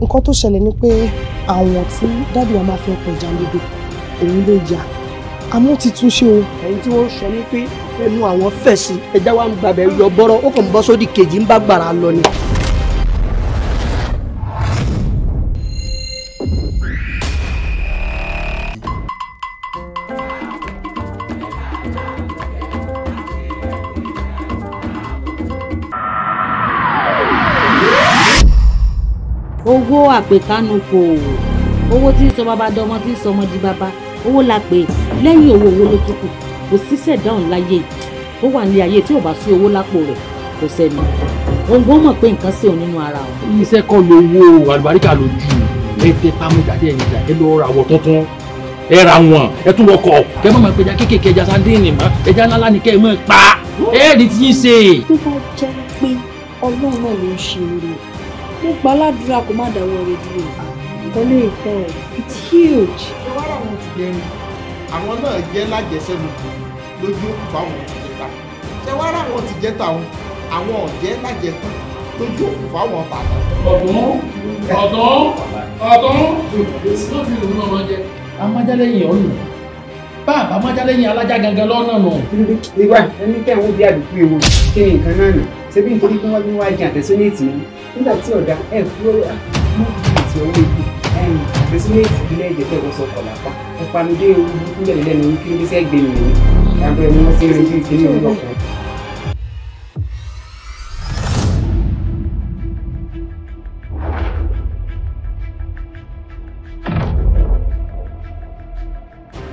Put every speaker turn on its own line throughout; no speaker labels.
nǹkan tó ṣẹlẹ̀ ni pé àwọn tí dábì wa máa fi ọkọ̀ ìjàmbá òun ló yà àmọ́ ti tún ṣe o. ẹ̀yin tí wọ́n sọ ní pé ẹnu àwọn fẹ̀sì ẹja wa ń gbàbẹ̀ yọ bọ́rọ̀ ó kàn ń sódì kejì ń bá gbàrà lọ ni. pé kánú kò owó tí ń sọ bàbá dọmọ tí ń sọ ọmọ di bàbá owó la pè lẹ́yìn owó owó ló tún kù kò síṣẹ́ dáhùn láyé ó wà ní ayé tí ò bá sí owó lápò rẹ̀ kò sẹ́ni òǹgbò mọ̀ pé nǹkan sí òun nínú ara òun.
iṣẹ́ kọ́ lówó àlùbáríkà lójú ẹ tẹ pámú jáde ẹ̀yìn jà ẹ lọ ra àwọ̀ tuntun ẹ ra wọn ẹ tún wọkọ̀ kẹ mọ̀ máa pẹja kéékèèké ẹja sandéènì mọ́ ẹja ńláńlá ni kẹ́ ẹ mọ̀ pa ẹ rí ti ṣe.
tó bá jẹ́ pé
ọlọ́run ló ń ṣe oore mo gbà ládùúrà kó má dáwọ́ rẹ dúró. ìtọ́lé ìfẹ́ rẹ̀ it's huge. ṣé
wàá làwọn ti gbẹ̀rù àwọn náà jẹ́ lájẹsẹ́lùkù
lójú òkú fáwọn tìjẹta ṣé wàá làwọn ti jẹ́ tàwọn àwọn ọ̀jẹ́ lájẹtàn lójú òkú fáwọn tàbí. ọ̀dùn ọ̀dùn ọ̀dùn ló fi ìrònú ọmọ jẹ. amajálẹ̀yìn ọ̀nà bá a bá amajálẹ̀yìn alájà
gangan lọ́nà nù. ìwà ẹni kẹ́hìn ó bí àdúgbò ewu kí ni nǹkan náà nù ṣé bí nítorí pé wọ́n bí wọ́n á jẹ àtẹ̀sọ́nẹ́ẹ̀tì ni nígbà tí ọ̀dà ẹ̀ kúrò mọ́tìkìtì owó epo ẹ̀yìn pẹ̀sìmẹ́ǹtì ìbílẹ̀ èdè tẹ̀kọ́ sọ kọ̀ lápá ìpanudé ewu burúkú lẹ̀ lẹ́nu orí kí ló dé sẹ́gbẹ̀ẹ́ mi ni
lábẹ́ ẹni wọ́n ti rìn ju ìpínlẹ̀ òwúrọ̀ kan.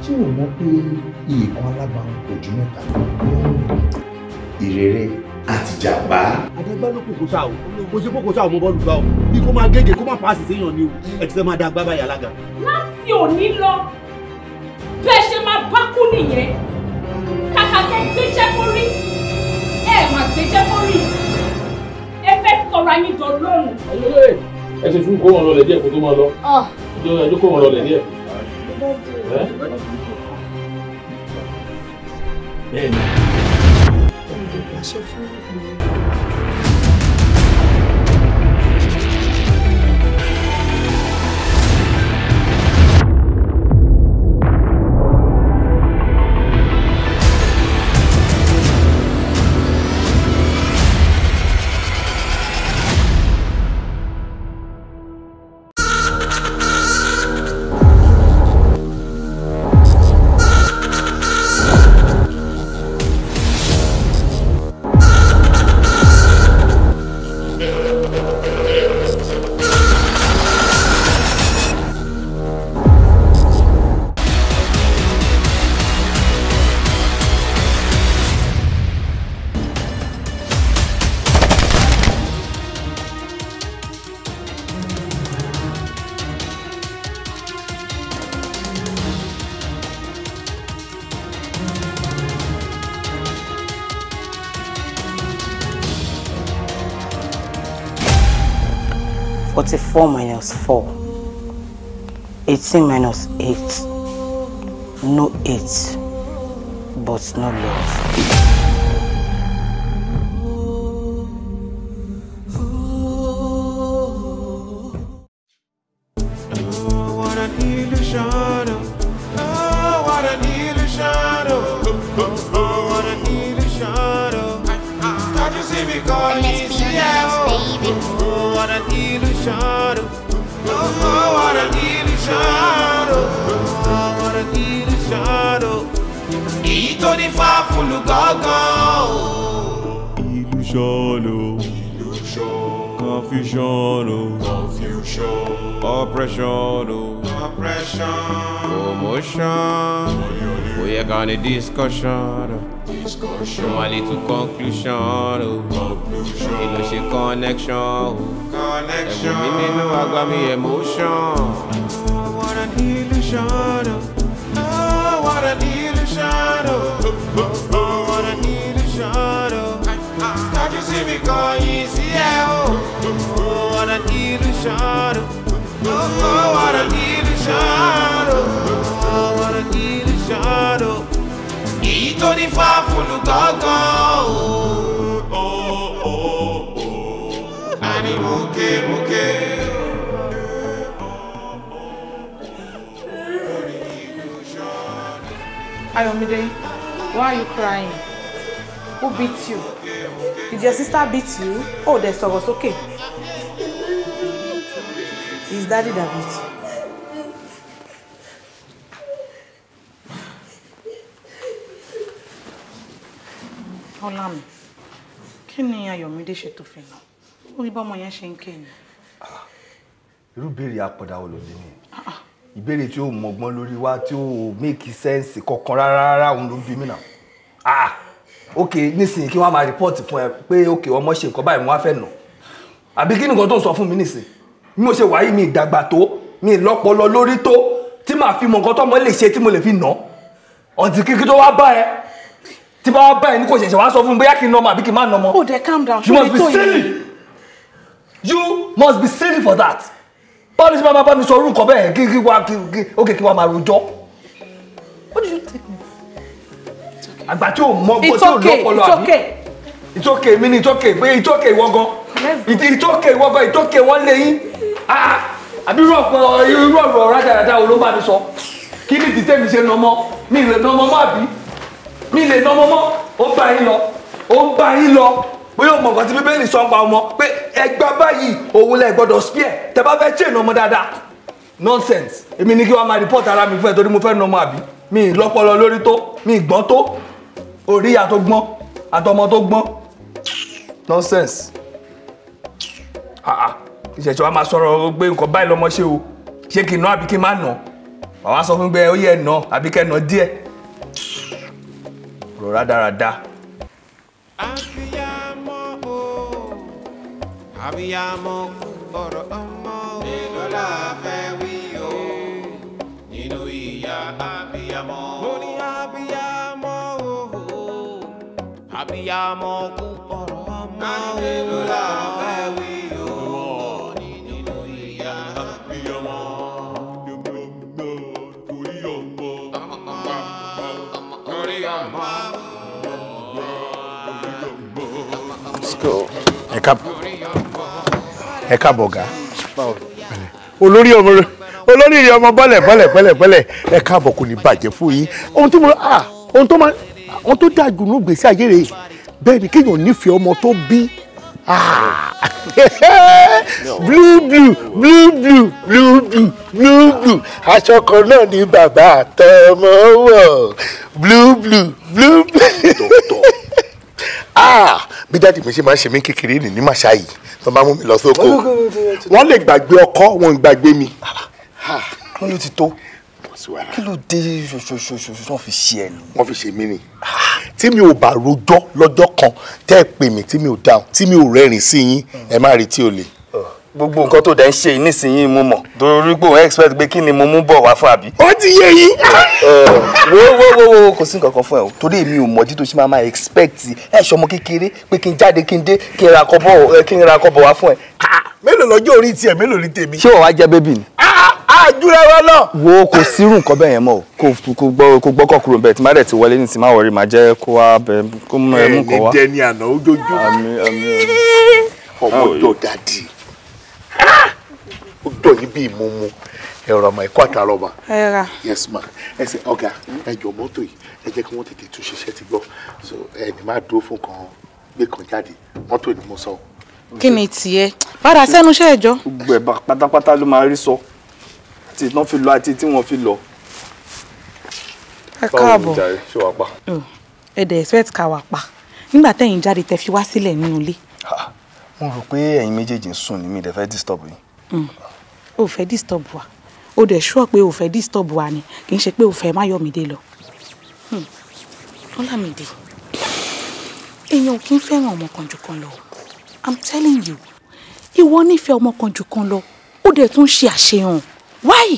tí ò mọ̀ pé ìkan alábàámu kò
ju mẹ́ta ìrere àtìjàmbá. àdàgbà ló kókó sá o kò ṣe kókó sá o mo bọ́ọ̀lù gbá o bí kò máa gègé kó máa paasi séèyàn ni o ẹ ti fẹ́ máa da
agbábá yàrá ga.
láti òní lọ bẹ́ẹ̀ ṣe máa bá kú nìyẹn kàkà kẹ́ gbéjẹ́ fórí ẹ má gbéjẹ́ fórí ẹ fẹ́ sọ̀rọ̀ ayé jọ lọ́rùn.
ẹ ṣe fún kó wọn lọlẹ díẹ̀ kó tó máa lọ
ẹjọ́ ah. kó wọn lọlẹ díẹ̀.
bẹ́ẹ̀ni pàṣẹ fún
four minus four eighteen minus eight no eight
but no love.
on a discussion. Oh. Discussion. From alley to conclusion. Oh. Conclusion. Kí ló ṣe connection. Oh. Connection. Ẹ̀wọ̀n mi nínú àgbà mi emotion.
Oh, what an illusion. Oh, what an illusion. Oh, what an illusion. Can't you see me going see yeah, oh. oh, what an illusion. Oh, what an illusion. nífà fúlù gángan o. àní oh, oh, oh. múkè múkè.
Ayọ̀mídé, why are you crying? Who beat you? Did your sister beat you? Oh, there's was okay. Is daddy that beat you? Kọ́lá mi kí ni Ayọ̀mídé ṣe tó fi nà ó rí bọ́mọ yẹn ṣe ń ké ni.
irú béèrè apọ̀dà wo ló dé ni ah, ah. ìbéèrè tí ó mọ̀gbọ́n lórí wa tí ó make sense kankan rárá rárá òun ló bí mí nà ah, ok nísìnyí kí wọ́n máa report fún ẹ pé ok ọmọ ṣe nǹkan báyìí mo wá fẹ́ nà àbí kí nìkan tó ń sọ fún mi nísìnyí bí mo ṣe wáyé mi ìdàgbà tó mi ìlọ́pọlọ lórí tó tí màá fi mọ nǹkan tó ọmọ lè ṣe tí mo lè fi nà ọ̀ǹtí kíkí tó wá bá ẹ tí bá wá bá ẹ ní kò ṣẹ̀ṣẹ̀ wá sọ fún mi bóyá kí n nọmọ àbí kí n má nọmọ. o oh,
de calm down ṣe must be
silly. you must be silly for that. báwo ni ṣe máa bá mi sọ orú nǹkan bẹ́ẹ̀ kí kí wá kí ókè kí wá máa rojọ́.
what did you take me
for. àgbà tí o mọ bó tí o lọ́pọlọ àbí. it's okay it's okay. it's okay mi ni it's okay pé it's okay ìwọ gan. it's okay ìwọ gan it's okay wọ́n lé yín. Ah, ah. àbí irú ọ̀pọ̀ irú ọ̀rọ̀ rádaràda wo ló bá mi sọ kí ni tìtẹ́ mi ṣe nọmọ mi ìrẹ̀ nọmọ má bí mi lè nà ọmọ mọ́ ó bá yín lọ ó ń bá yín lọ bóyá ọmọ nǹkan tí bíbélì sọ pa ọmọ pé ẹgbà báyìí òun lẹ gbọ́dọ̀ spear tẹ bá fẹ́ chain ọmọ dáadáa nonsense èmi ní kí wọ́n máa report ara mi fún ẹ torí mo fẹ́ nà ọmọ àbí mi lọ́pọlọ lórí tó mi gbọ́n tó oríyá tó gbọ́n àtọmọ tó gbọ́n nonsense ìṣẹ̀ṣẹ̀ wa máa sọ̀rọ̀ pé nǹkan báyìí lọmọ ṣe o ṣé kí n ná àbí kí n má ná wàá sọ fún mi pé ó yẹ ná àbí kẹ́ ná díẹ̀
ọ̀rọ̀ rádaràda. àbíyamọ o àbíyamọ ọ̀rọ̀ ọmọ èlò la fẹ́ wí o nínú ìyá àbíyamọ. mo
ní àbíyamọ o
àbíyamọ kú ọ̀rọ̀ ọmọ èlò la fẹ́ wí.
ẹ káàbọ̀ ọ̀gá olórí ọmọ olórí ìyá ọmọ bọ́lẹ̀ bọ́lẹ̀ bọ́lẹ̀ bọ́lẹ̀ ẹ káàbọ̀ kò ní bàjẹ́ fún yín ohun tó máa ohun tó máa ohun tó dáa jù gbèsè ayé rẹ̀ bẹ́ẹ̀ ni kéèyàn nífẹ̀ẹ́ ọmọ tó bí blue blue blue blue blue blue blue blue aṣọ kan náà ni bàbá àtọmọ wọ̀ blue blue blue blue. Ah, bí dáàdì mi ṣe máa ń ṣe mí kékeré nì ní màṣá yìí tó máa mú mi lọ sóko wọ́n lè gbàgbé ọkọ wọn gbàgbé mi.
Ah,
wọ́n ló ti tó kí ló dé ṣoṣoṣoṣo wọ́n fi ṣe ẹnu.
wọ́n fi ṣe mí ni tí mi ò bá rojọ́ lọ́jọ́ kan tẹ́ ẹ pè mí tí mi ò dáhùn tí mi ò rẹ́rìn sí yín ẹ má retí olè
gbogbo nǹkan tó dẹ̀ ń ṣe nísìnyìí mo mọ̀ torí pé òun expect pé kí ni mo mú bọ̀ wá fún àbí. ó ti yé yín. wo wo wo wo kò sí nǹkan kan fún ẹ o torí èmi ò mọ̀jú tó ṣe máa máa expect ẹ ṣọmọ kékeré pé kí n jáde kí n dé kí n ra kọ bọ̀ kí n ra kọ wá fún ẹ. mélòó lọ́jọ́ orí tiẹ̀ mélòó ní tèmi. ṣé o wá jẹ bébì ni. àjùrà wa lọ. wo kò sírù nǹkan bẹ́ẹ̀ yẹn mọ́ o kò gbọ́ kò gbọ́kọ̀ kúrò bẹ́ẹ̀ tí má
ọmọ jọ
dàdí
ó dọ̀yìn bíi mo mu
ẹ̀rọ ọmọ ẹ̀kọ́ àtàrà ọmọ. ẹ ra yes ma ẹ sẹ ọ̀gá ẹ jọ mọ́tò yìí ẹ jẹ́ kí wọ́n tètè tún ṣiṣẹ́ ti gbọ́ so ẹ ní má dúró fún kan gbé kan jáde mọ́tò ni mo sọ.
kí ni tiẹ̀ padà sẹ́nu iṣẹ́ ẹ̀jọ́. gbogbo ẹ̀bà
pátápátá ló máa rí sọ tí wọ́n fi lọ àti tí wọ́n fi lọ. ẹ káàbọ̀
mm. ẹ dẹ̀ expect ká wà pa nígbà tẹ̀yìn jáde tẹ fi wá sílẹ̀ nínú ilé
mo rò pé ẹ̀yin méjèèjì ń sùn ní mi ìdẹ́fẹ́ disturb yìí.
Mm. o fẹ́ disturb wa o dẹ̀ sọ pé o fẹ́ disturb wa ni kì í ṣe pé o fẹ́ Máyọ̀mídé lọ. Hmm. Ọlámídé èèyàn ò kí ń fẹ́ràn ọmọ lọ i'm telling you ìwọ nífẹ̀ẹ́ ọmọ kan jù kan lọ ó dẹ̀ tún ṣe àṣehàn why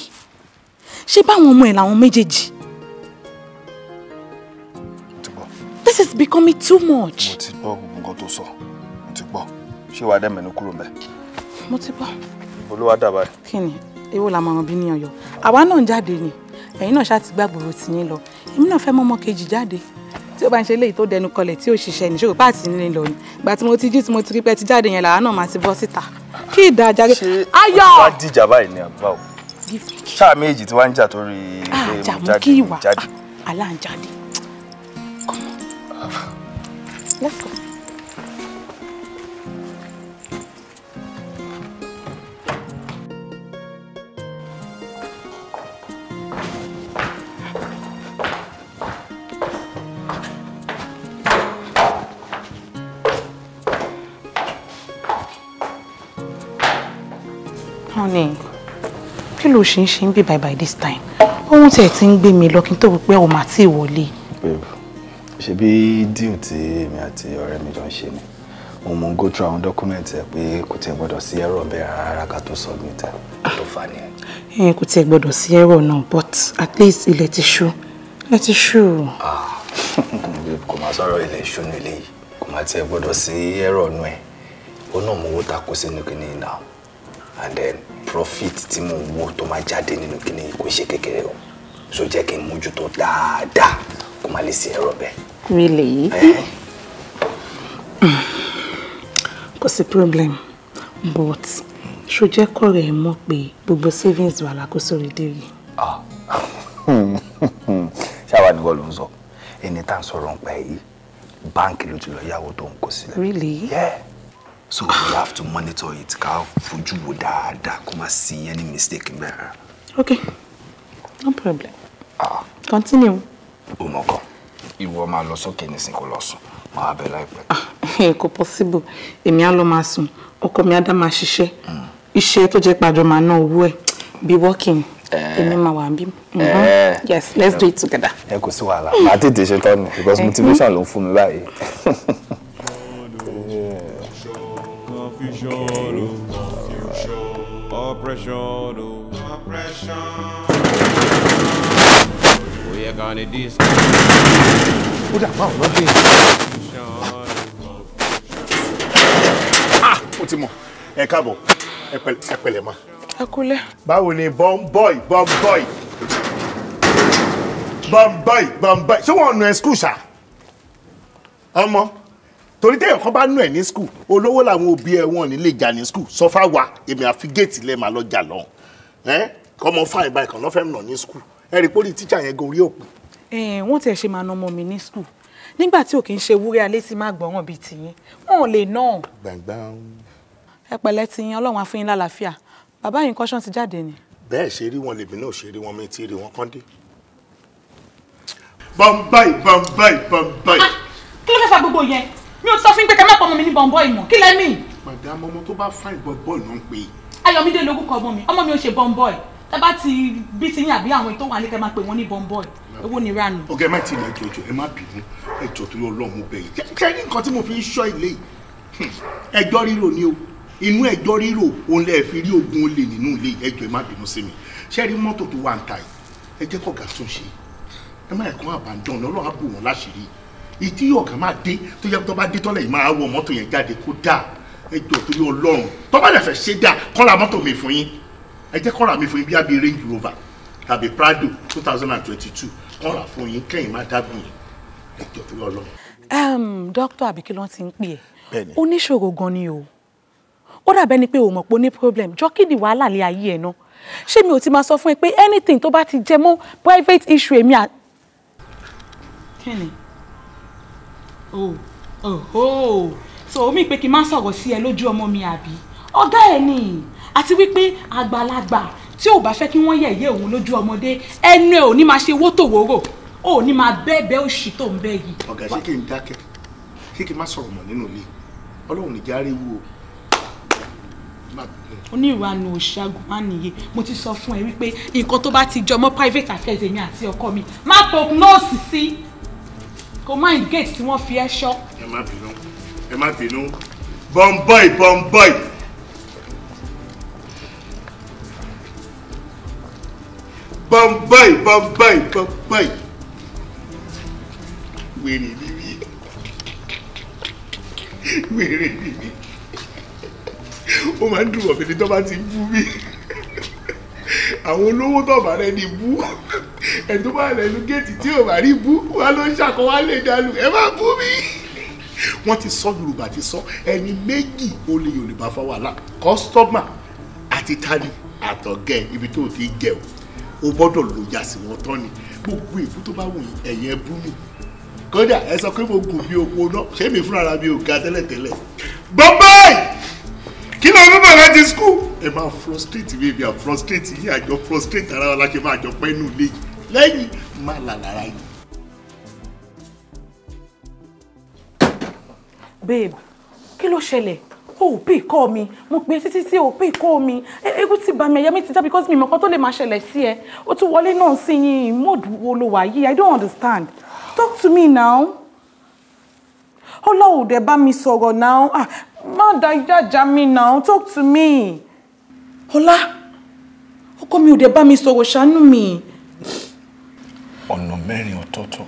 ṣé báwọn ọmọ ẹ̀ làwọn méjèèjì. this is becoming too much. mo ti
gbọ́ gbogbo nǹkan tó sọ mo ti gbọ́ ṣé wàá dẹ̀ mẹ́nu kúrò mbẹ́. mo ti bọ́. olúwa dàbà ẹ̀.
kí ni èwo la mọ̀ràn bí ní ọ̀yọ́ àwa náà ń jáde ni ẹ̀yin náà ṣáà ti gbàgbòrò tìyín lọ èmi náà fẹ́ mọ́ ọmọ kejì jáde tí o bá ń ṣe léyìí tó dẹnu kọlẹ̀ tí ò ṣiṣẹ́ ní ṣòro páàtì nílé lọ ni ìgbà tí mo ti jí tí mo ti rí pẹ́ ti jáde yẹn làwa náà máa ti bọ́ síta kí ìdájà rẹ ayọ̀. ṣé o bá
dìjà báyìí ni àbúrò ṣáà méjì tí wàá ń jà torí ilé ah, mo jáde àjà mú kí ìwà
aláǹjáde. Ah. Let's go. ló ṣe ń ṣe ń gbé bye by this time ohun tẹ̀ ti ń gbé mi lọ kí n tó wípé ọ̀ máa tí ì wọlé.
ṣe bí díù tí èmi àti ọ̀rẹ́ mi jọ ń ṣe ni mo mọ̀ ń go through àwọn dọ́kúmẹ̀ntì ẹ̀ pé kò tiẹ̀ gbọ́dọ̀ sí ẹ̀rọ bẹ́ẹ̀ rárá ká tó submit tó fà ní
ẹ̀. ẹ kò tiẹ̀ gbọ́dọ̀ sí ẹ̀rọ náà but at least ilẹ̀ ti ṣú ilẹ̀ ti ṣú. Ah,
kò máa sọ̀rọ̀ ilẹ̀ ìṣú ní ilé yìí kò máa tiẹ̀ gbọ́dọ̀ sí ẹ̀rọ nù ẹ̀ ó náà mowó ta kó sínú kìnìún náà and then profit tí mò ń wò tó máa jáde nínú kíní kò ṣe kékeré o so jẹ́ kí n mójútó dáadáa kó má lè sí ẹ̀rọ
bẹ́ẹ̀. really eh? kò sí problem but ṣó jẹ́ kọ̀rọ̀ ẹ̀ mọ̀ pé gbogbo savings wà lákòóso rẹ̀ dé yìí. Ah.
ṣáwa ni wọ́n ló ń sọ ẹni tá à ń sọ̀rọ̀ ń pa èyí báńkì ló ti lọ yáwó tó ń
kó sílẹ̀.
really yeah
so we have to monitor it ká fojú wo dáadáa kó má sí any mistake mẹ́rin.
okay no problem. ah continue.
o mọ̀ kan ìwọ máa lọ sókè nísìn kó lọ sùn máa bẹ láìpẹ́. Ah,
eh, kò possible èmi á lọ máa sùn ọkọ mi á dá máa ṣiṣẹ́ hmm. iṣẹ́ tó jẹ́ pàjọ máa ná owó be working eh. èmi máa wà bí. Eh. Mhm. yes let's do it together. ẹ kò sí
wàhálà màá tètè ṣe tán ni because motivation ló ń mi báyìí.
Oppression, oppression, oppression. Ó yẹ ká ní disco.
Ó dà báwo lọ́dún yìí.
Ah, ó ti mọ̀, ẹ káàbọ̀, ẹ pẹ̀lẹ́ ma. Ẹ kúlẹ̀. Báwo ni bọ́m̀bọ́ì bọ́m̀bọ́ì? Bọ́m̀bọ́ì bọ́m̀bọ́ì ṣé wọ́n ọ̀nà ẹ̀ skúl ṣá? Ọmọ torí téèyàn kan bá nù ẹ̀ ní skul olówó làwọn òbí ẹ̀ wọn nílé ìjà ní skul sọfá wa èmi àfi géètì lẹ́ẹ̀ máa lọ jà lọ́hùn ẹ́ kọ́mọ fáìn báyìí kan lọ́fẹ́ nà ní skul ẹ rí pólì tíjà yẹn gorí òpin.
ẹ wọn tiẹ̀ ṣe máa na ọmọ mi ní skul nígbà tí ò kì í ṣe wúrẹ́ alẹ́ tí máa gbọ́ràn bíi tìyín wọn ò lè ná. gbàngbàn. ẹ pẹ̀lẹ́ ti yan ọlọ́run á fún yín lálàáfíà bàbá yín kọ́ṣán ti jáde ni.
bẹ́ẹ̀ ṣe rí wọn lèmi náà ṣe rí wọn mi ti rí wọn kán dé. bọ́m̀báì bọ́m̀báì bọ́m̀báì.
kí ló fẹ́ fa gbogbo yẹn mi ò sọ fún pé kẹ́ mẹ́pọ̀ ọmọ mi ní bọ̀m̀bọ̀ ìmọ̀ kí lẹ́ mìí.
madam ọmọ tó bá fáìn bọ̀m̀bọ̀ ìná ń pè é.
ayọ̀mídé lórúkọ ọmọ mi ọmọ mi ò ṣe bọ̀m̀bọ̀ ẹ̀ tábà ti bí ti yín àbí àwọn ètò wà ní kẹ́ máa pè wọ́n ní bọ̀m̀bọ̀ ẹ̀ owó ni ránu.
ọgá ẹ má ti ilẹ̀ jọjọ ẹ má bínú ẹ jọ torí ọlọ́run bẹ yìí kẹ́ ní nǹkan tí mo fi ń ṣọ́ ilé hmm, ẹjọ́ ríro ni o inú ẹjọ́ ríro òun lẹ́ẹ̀ fi rí ogun olè nínú ilé ẹjọ́ ẹ má bínú sí mi ṣé rí mọ́tò tó wà ń ta yìí ẹ jẹ́ kọ́ga tún ṣe ẹ má ẹ̀kọ́ àbàdàn lọ́lọ́run á bù wọ́n láṣìírí ìtí ọ̀gá máa dé tó yẹ tó bá dé tọ́lẹ̀ yìí máa wọ mọ́tò yẹn jáde kó dáa ẹ jọ torí ọlọ́run tó bá dẹ̀ fẹ́ ṣe dáa kọ́ra mọ́tò mi fún yín ẹ jẹ́ kọ́ra mi fún yín bí abí Range Rover tàbí Prado 2022 thousand and twenty-two kọ́ra fún yín kẹ́yìn má dágùn yín ẹ jọ torí
ọlọ́run. dókítà àbí kí ló ti ń pè ẹ́ oníṣòro gan ni o ó dàbẹ́ ni pé o mọ̀ pé o ní problem jọ kí ni wàhálà lé ayé ẹ̀ náà ṣé mi ò ti máa sọ fún ẹ pé anything tó bá ti jẹ mọ́ private issue èmi à. kí ni oho oh, oh. so omi pé kí n má sọ̀rọ̀ sí ẹ lójú ọmọ mi àbí ọ̀gá ẹ̀ ni àti wípé àgbàlagbà tí ò bá fẹ́ kí wọ́n yẹ̀ yé òun lójú ọmọdé ẹnu ẹ̀ ò ní máa ṣe wótòwórò ò ní máa bẹ́ẹ̀ bẹ́ẹ̀ òṣì tó ń bẹ́ yìí. ọ̀gá ṣé kí
n dákẹ́ ṣé kí n má sọ̀rọ̀ mọ́ nínú ilé ọlọ́run ní járe
wú o. oníranú òṣàgùn má nìyé mo ti sọ fún ẹ wípé nǹkan tó bá ti jọmọ́ private affairs èmi àti ọkọ mi má pop nọ́ọ̀sì sí kò mind gate tí wọ́n fi ẹ́ ṣọ́.
ẹ má bínú ẹ má bínú bọ́m̀bọ́ì bọ́m̀bọ́ì. bọ́m̀bọ́ì bọ́m̀bọ́ì bọ́m̀bọ́ì. wèrè níbí wèrè níbí ó máa ń dùn ọ̀fẹ́ ni tó bá ti bú mi àwọn olówó tó bá rẹ ní bú ẹni tó bá rẹ ní géètì tí ò bá rí bú wá ló ń ṣàkó wá lè dànù ẹ má bú mi. wọ́n ti sọ yorùbá ti sọ ẹni méjì ó lè yorùbá fa wàhálà kọ́sítọ́mà àti tani àtọ̀gẹ́ ibi tó ti jẹ o o gbọ́dọ̀ lò ya sí wọn tán ni gbogbo èbú tó bá wù yín ẹ̀yìn ẹbú mi kódà ẹ sọ pé mo gùn bí oko náà ṣé mi fúnra mi ò ga tẹ́lẹ̀tẹ́lẹ̀ bọ́mbáì di school. ẹ máa frustrate mi èmi à frustrate yìí àjọ frustrate ara wa láti máa jọ pẹ́ nù lẹ́yìn lẹ́yìn máa là lára yìí.
babe kí ló ṣẹlẹ̀ o ò pè kọ́ mi mo pè títí tí o pè kọ́ mi egun ti bà mí ẹ̀yà mi ti já because mi mọ̀ kan tó lè máa ṣẹlẹ̀ sí ẹ o tún wọlé náà sí yín mọ́ọ̀dù wo ló wà yìí i don't understand talk to me now ọlọ́run dẹ̀ me mi sọ̀rọ̀ náà ah má da jájà mi náà talk to me. ọlá ọkọ mi ò dẹ̀ bá mi sọ̀rọ̀ ṣàánú mi.
ọ̀nà mẹ́rin ọ̀tọ̀ọ̀tọ̀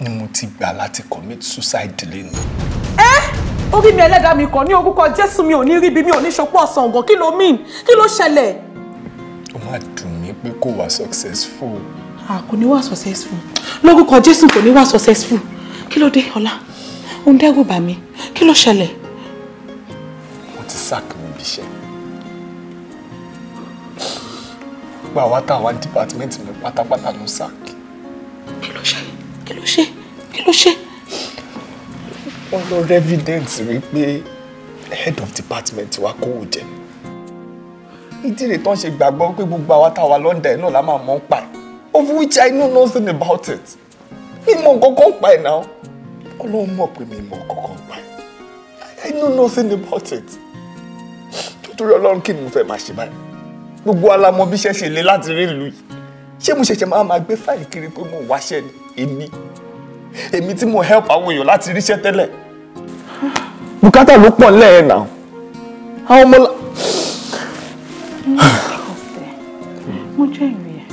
ni mo ti gbà láti commit suicide lẹ́nu.
ẹ orí mi ẹlẹ́dàá mi kàn ní orúkọ jésù mi ò ní ríbi mi ò ní ṣopọ̀ ọ̀sán ọ̀gàn kí ló mean kí ló ṣẹlẹ̀.
ó máa dùn mí pé
kò successful.
Ah, kò ní successful lórúkọ jésù kò ní wá successful kí ló dé ó ń dẹ́rù bà mí kí ló ṣẹlẹ̀.
wọ́n ti sack mi bí iṣẹ́ gbogbo àwa táwa department mi pátápátá ló sack. kí ló ṣe kí ló ṣe kí ló ṣe. wọ́n lọ evidence wípé head of department wa kó o jẹ ìdílé tó ń ṣe gbàgbọ́ pé gbogbo àwa táwa lọ́ndà ẹ̀ náà la máa mọ̀ pa ẹ̀ of which I know nothing about it. Mímọ̀ nǹkan kan pa ẹ̀ náà ọlọ́run mọ̀ pé mi mọ̀ kankan pa I know nothing about it nítorí ọlọ́run kí ni mo fẹ́ máa ṣe báyìí gbogbo alamọ bí ṣe ṣe lé láti rí ìlú yìí ṣé mo ṣẹ̀ṣẹ̀ máa máa gbé fáìlì kiri pé mo wáṣẹ́ ni èmi èmi tí mo help àwọn èèyàn láti ríṣẹ́ tẹ́lẹ̀ bùkátà ló pọ̀ nílẹ̀ ẹ̀ náà
àwọn ọmọ la. mo jẹ́ ìrìn ẹ̀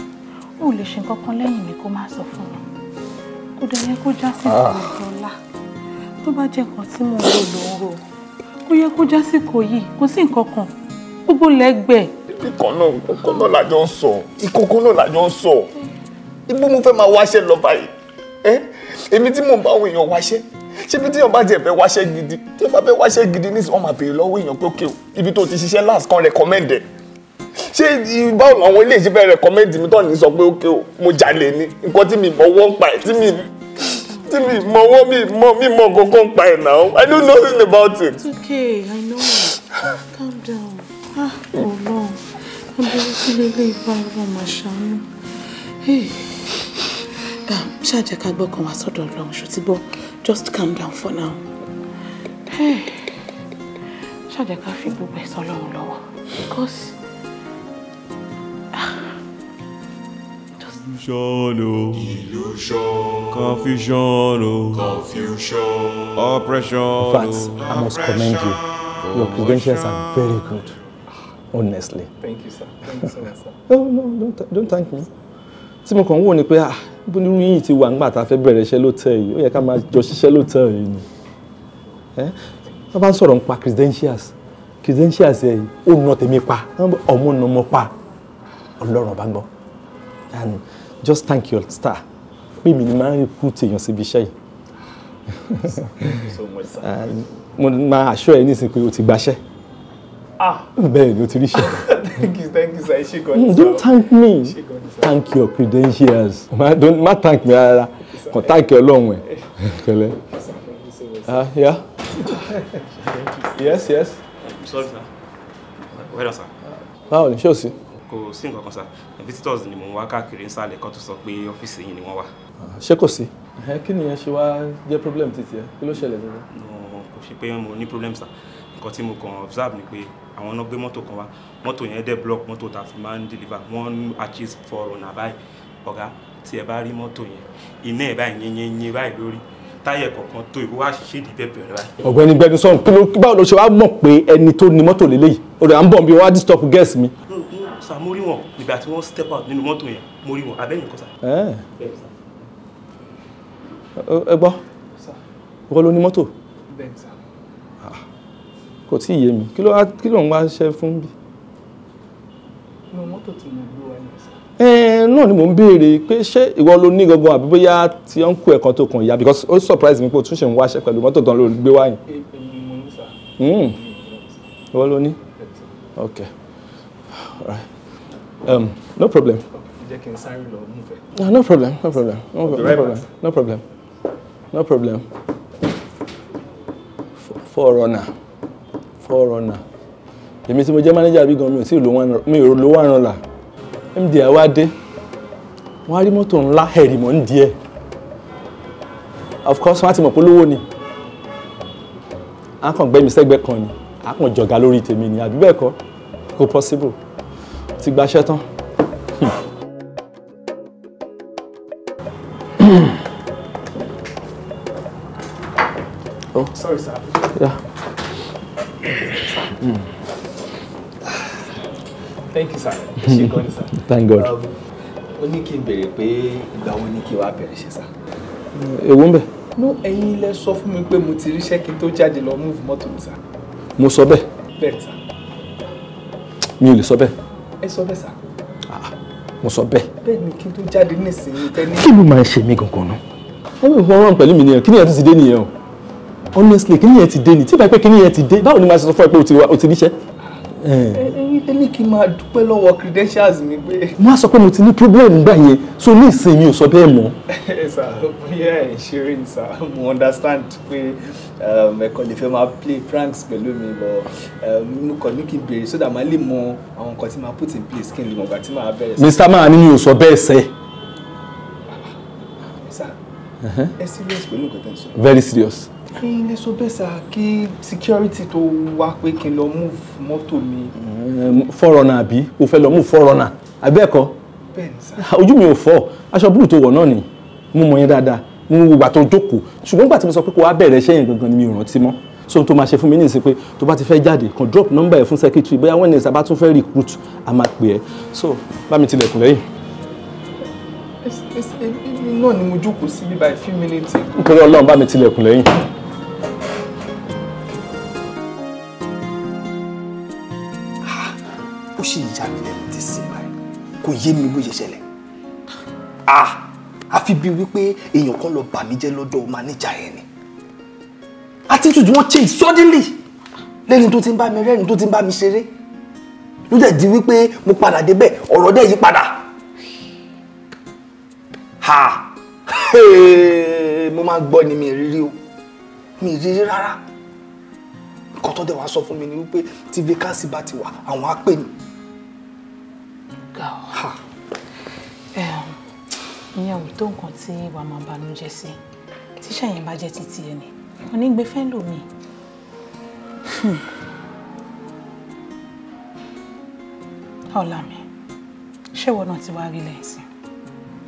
o lè ṣe nǹkan kan lẹ́yìn mi kó má sọ fún mi kò dẹ̀ yẹ kó jásìkò ah. ọ̀la tó bá jẹ́ nǹkan tí mo rò ló ń rò kó yẹ kó jásìkò yìí kò sí nǹkan kan gbogbo lẹ́gbẹ̀ẹ́.
ikọ̀ náà ikọ̀ náà lájọ ń sọ
ìkókó náà lájọ ń sọ igbó mo fẹ́ máa wáṣẹ́ lọ báyìí èmi tí mò ń bá àwọn èèyàn wáṣẹ́ ṣébi tí èèyàn bá jẹ́ fẹ́ wáṣẹ́ gidi tí èèyàn bá fẹ́ wáṣẹ́ gidi nísìnyí wọ́n máa béèrè lọ́wọ́ èèyàn pé òkè ibi tó ti ṣiṣẹ́ last kan recommend ẹ̀ ṣé báwo làwọn ilé ìṣẹ́fẹ́ rẹ̀ kọ́mẹ́ǹtì mi tọ́ ní sọ pé ókè o mo jalè ni nǹkan tí mi mọ̀ wọ́n pa ẹ̀ tí mi tí mi mọ̀ wọ́n mi mọ̀ mi mọ̀ kókó ń pa ẹ̀ náà I don't know anything about it. It's
okay, I know. Calm down. Ah, Ọlọ́run, abẹ́rẹ́ kí lélẹ́ ìbá ọlọ́run máa ṣàánú. Ṣáàjẹ́ ká gbọ́kàn wá sọ́dọ̀ ọlọ́run ṣòtíbọ́ just calm down for now. Ṣáàjẹ́ ká fi gbogbo ẹ̀ sọ́lọ́run lọ́wọ́ because.
Illusion, oh. Illusion. Confusion, oh. Confusion. Oppression, oh. Facts, I must commend you. Your credentials are very
good. Honestly. Thank you, sir. Thank you so much, sir. Oh no, don't, don't thank me. Tí mo kàn wò ni pé ah bó ni yìí ti wà nígbà tá a fẹ́ bẹ̀rẹ̀ iṣẹ́ lóòótọ́ yìí ó yẹ ká máa jọ ṣiṣẹ́ lóòótọ́ yìí ni. Wọ́n bá ń sọ̀rọ̀ nípa credentials credentials ẹ̀ ó nà tèmi pa ọmọ nà ọmọ pa Ọlọ́run ọba gbọ́ just thank your star pé mi ni máa ń recruit èèyàn síbi iṣẹ́ yìí mo máa àṣọ ẹ nísìnyí pé o ti gbaṣẹ́ ah. bẹ́ẹ̀ ni o ti ríṣẹ́. thank you thank you mm, don't thank me thank your credentials má thank me rárá kàn thank your long way. Ah, yeah. yes, yes. Báwo ah, ni, ṣé o sí?
kò sí nǹkan kan sà visitors ni mò ń wá káàkiri nsàlẹ̀ kan tó sọ pé ọ́fíìsì yìí ni wọ́n wà.
ṣé kò sí. kí ni ṣe wá jẹ́ problem títí ẹ kí ló ṣẹlẹ̀ nínú.
kò ṣe pé mo ní problem sà nǹkan tí mo kàn observe ni pé àwọn náà gbé mọ́tò kan wá mọ́tò yẹn dẹ̀ block mọ́tò tá a fi máa ń deliver wọ́n achieve for ọ̀nà báyìí ọ̀gá tí ẹ bá rí mọ́tò yẹn iná ẹ̀ báyìí yẹn yẹn báyìí lórí táyà kọ̀ọ̀kan tó ìwọ wá ṣiṣẹ́ ìdíbẹ̀ bẹ̀rẹ̀ báyìí.
ọ̀gbẹ́ni gbẹdusọ́n kí báwo ló ṣe wá mọ̀ pé ẹni tó ni mọ́tò lélẹ́yìí ó à ń bọ̀ bí wọ́n disturb guest mi
sà mo rí wọn nígbà tí wọ́n step out nínú mọ́tò yẹn mo rí wọn abẹ́yìn kọ́ sà.
ẹ gbọ́ wọ́n ló ní mọ́tò ah, kò tí ì yé mi kí ló ń wá ṣe fún bí. inú mọ́tò tí mo gbé wá ní ọ̀sán náà ni mò ń béèrè pé ṣé ìwọ ló ní gangan àbí bóyá ti ń kú ẹ̀kan tó kàn yá because o surprise mi pé o tún ṣe ń wáṣẹ́ pẹ̀lú mọ́tò tán ló gbé wáyìn. Hmm. ìwọ ló ní ok all right. Um, no problem. No, ah, no problem. No problem. No, no problem. No problem. No problem. Forerunner. Forerunner. Èmi tí mo jẹ́ manager bí gan mi ò tí mi ò lo one runner. MD àwa dé. Wọ́n á rí mọ́tò ńlá ẹ̀rì mọ́ ń di ẹ̀. Of course, wọ́n á ti mọ̀ pé olówó ni. À kàn gbẹ́mi sẹ́gbẹ́ kan ni. À kàn jọ̀gá lórí tèmi ni. Àbí bẹ́ẹ̀ kọ́? Kò possible ti gbaṣẹ́ tán. oh. Sorry, sir. Yeah. Thank you, sir. Thank God. O um, ní kí n béèrè pé ìgbà wo ni kí wàá bẹ̀rẹ̀ ṣe, sir. Èwo ń bẹ̀? No, ẹ̀yin lẹ sọ fún mi pé mo ti ríṣẹ́ kí n tó jáde lọ múùfù mọ́tò mi, sir. Mo sọ bẹ́ẹ̀. Bẹ́ẹ̀ sir. Mi ò lè sọ bẹ́ẹ̀ ẹ sọ bẹ́ẹ̀ sà. Ah, mo sọ bẹ́ẹ̀. bẹ́ẹ̀ ni kí n tó jáde nísìnyí tẹ́lẹ̀. kí ló máa ń ṣe mí gangan náà. wọ́n mi fọwọ́ ràn pẹ̀lú mi nìyẹn kí nìyẹn tún ti dé nìyẹn o honestly kí nìyẹn ti dé ni tí ìbá pé kí nìyẹn ti dé báwo ni màá sọ fún ẹ pé o ti ríṣẹ́. ẹyin tẹ ní kí n máa dúpẹ́ lọ́wọ́ credentials mi pé. mo á sọ pé mo ti ní problem gbà yẹn so ní ìsinmi ò sọ bẹ́ẹ̀ mọ́. ẹ sà bóyá ẹ ṣeré ni sà mo understand pé. Um, ẹ̀kọ́ lè fẹ́ máa play pranks pẹ̀lú mi but um, mo kàn ní kí n béèrè so that màá lè mọ àwọn nǹkan tí màá put in place kí n lè mọ̀ gbà tí màá bẹ̀rẹ̀. Mr. Man ni mi ò sọ bẹ́ẹ̀ sẹ́. Uh-huh. ẹ serious pẹ̀lú nǹkan tẹ́ ń sọ. very serious. kí n lè sọ bẹ́ẹ̀ sà kí security tó wá pé kí n lọ move mọ́tò mi. Um, fọ́rọ̀nà àbí o fẹ́ lọ move fọ́rọ̀nà àbí ẹ̀kọ́ ojú mi ò fọ́ aṣọ búrú tó wọ̀ náà ni mo mọ̀ yín dáadáa ń wo ìgbà tó jókòó ṣùgbọ́n ìgbà tí mo sọ pé kó wá bẹ̀rẹ̀ iṣẹ́ yẹn gangan ni mi ò rántí mọ́ so tó máa ṣe fún mi ní ìsìn pé tó bá ti fẹ́ jáde kan drop number ẹ̀ fún secretary bóyá wọ́n ní ìsàbá tún fẹ́ recruit a máa pè ẹ́ so bá mi tilẹ̀kùn lẹ́yìn. náà ni mo jókòó sí bíbá ìfí mi ní tí. nítorí ọlọ́run bá mi tilẹ̀kùn lẹ́yìn. Ah, ó ṣì yà mí lẹ́nu tí sí báyìí kò yé mi bó ṣe ṣẹlẹ̀ ah àfi bíi wípé èèyàn kan lọ bà mí jẹ́ lọ́dọ̀ mánéjà ẹ̀ ni attitude wọn change suddenly lẹ́ni tó ti ń bá mi rẹ́ni tó ti ń bá mi ṣeré ló dẹ̀ di wípé mo padà débẹ̀ ọ̀rọ̀ dẹ̀ yí padà ha mo máa gbọ́ ni mi rírí o mi rírí rárá nǹkan tó dẹ̀ wá sọ fún mi ni wípé tí vacancy bá ti wà àwọn á pè mí
ìyẹn ò tó nǹkan tí wà máa banújẹ́ sí tíṣà yẹn bá jẹ́ títí ẹni wọn ní gbé fẹ́ lòmíì. Hmm. ọ̀la mi ṣé ìwọ náà ti wá rí lẹ́sìn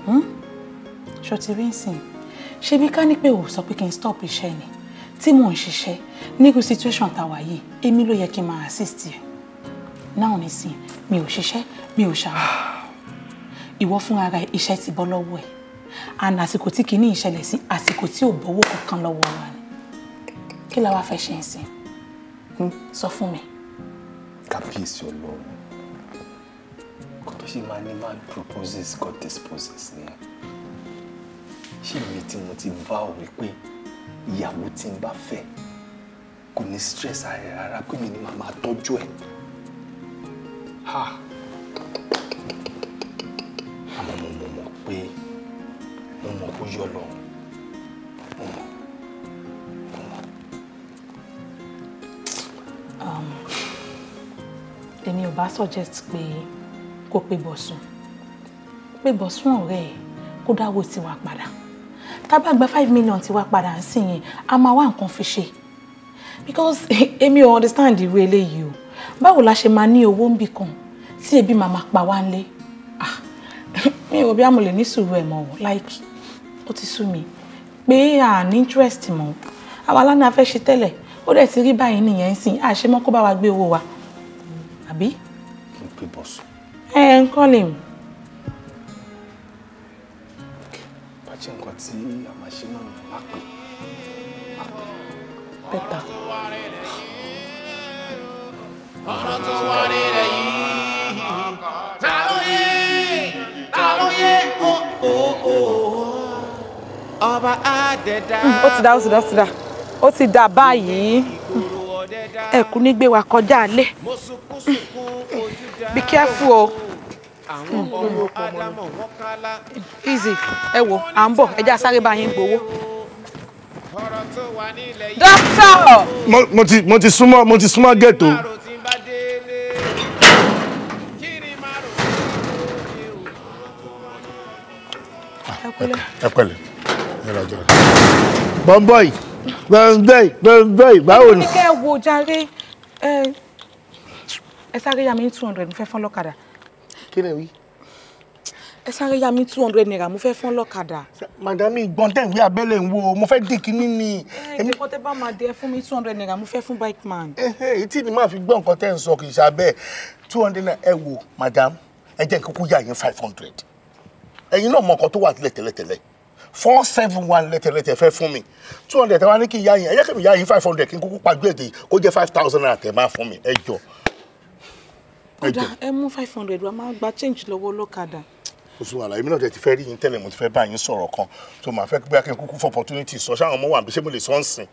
hmm? ṣó ti rí nsìn ṣé bí ká ní pé ò sọ pé kí n stop iṣẹ́ ni tí mò ń ṣiṣẹ́ nírú situation tàwa yìí èmi ló yẹ kí n máa assist ẹ náà nísìn mi ò ṣiṣẹ́ mi ò ṣàwọn ìwọ fún ara ẹ iṣẹ́ ti bọ́ lọ́wọ́ ẹ̀ and àsìkò tí kìíní ìṣẹ̀lẹ̀ sí àsìkò tí ò bọ́wọ́ kankan lọ́wọ́ wa ni kí la wá fẹ́ ṣe ń sìn hmm? sọ fún mi.
kábíyèsí ọlọ́run kò tó ṣe máa ní máa proposes God disposes ni ṣé mi tí mo ti bá ọ wípé ìyàwó tí n bá fẹ́ kò ní stress ara rárá pé mi ni màá máa tọ́jú ha àmọ́ mo mọ̀ mọ̀ pé mo mọ̀ kó yọ lọ mo mọ̀ mo
mọ̀. Um, èmi ò bá suggest pé kó pe bọ̀sùn pé bọ̀sùn ọ̀rẹ́ ẹ̀ kó dáwó tiwa padà tá bá gba five million tiwa padà ń sìn yẹn a máa wá nǹkan fi ṣe because èmi ò understand irú eléyìí o báwo la ṣe máa ní owó ń bì kan tí ebi màmá pa wá ń lé ah mi ò bí a mo lè ní sùúrù ẹ̀ mọ́ like ó ti sú mi pé à ní interest mọ́ àwa lánàá fẹ́ ṣe tẹ́lẹ̀ ó dẹ̀ ti rí báyìí nìyẹn sìn àṣemọ́ kó bá wa gbé owó wa àbí.
kí n pè bọ́sù.
ẹ ẹ ń call him.
bàjẹ́ nǹkan tí a máa ṣe náà má pè. bẹ́ẹ̀ ta.
ọ̀rọ̀ tó wá Hmm, ó
ti dá ó ti dá ó ti dá ó ti dá báyìí hmm, ẹkùn ní gbé wa kọjá lé be careful o. Hmm, easy ẹ wo à ń bọ̀ ẹ já sáré bá yín gbowó. dókítà.
mo ti mo súnmọ́ mo ti súnmọ́ gẹ̀ẹ́tò. ẹ pẹ̀lẹ́ bọ́ńbọ́ì bọ́ńbọ́ì bọ́ńbọ́ì báwo ni. kẹ́
ẹ wo jàre ẹ sáré yá mi ní two hundred mo fẹ́ fọ́n lọ́kadà. kí lè wí. ẹ sáré yá mi ní two hundred naira mo fẹ́ fọ́n lọ́kadà. madami
gbọ́n tẹ̀ wí abẹ́lẹ̀ ń wo mo fẹ́ dín kínní ni.
ẹ ẹ kọ́ bá máa dẹ fún mi two hundred naira mo fẹ́ fún bike man. ẹ eh, ẹ eh,
etí ni máa fi gbọ́ nǹkan tẹ́ ń sọ kì í ṣàbẹ́ two hundred naira ẹ wo madam ẹ jẹ́ kókó yá yín five hundred ẹ̀yin náà mọ ọkọ tó wà tẹ́lẹ̀tẹ́lẹ̀ four seven one lẹ́tẹ̀lẹ́tẹ̀ fẹ́ fún mi two hundred tẹ́wọ́n ní kí n yá yín ẹ̀yẹ́ kí n yá yín five hundred kí n kúkú pàjọ́ èdè kó jẹ́ five thousand naira tẹ̀ máa fún mi ẹ jọ.
kódà ẹ mú five hundred wa máa gba change lọ́wọ́ lọ́kadà.
oṣù àlà èmi náà ti fẹ́ rí yín tẹ́lẹ̀ mo ti fẹ́ bá yín sọ̀rọ̀ kan tó máa fẹ́ gbé akẹ́kọ̀ọ́ fún opportunity sọ ṣáà wọn mọ̀ wà bí ṣé mo lè sọ́ọ̀sìn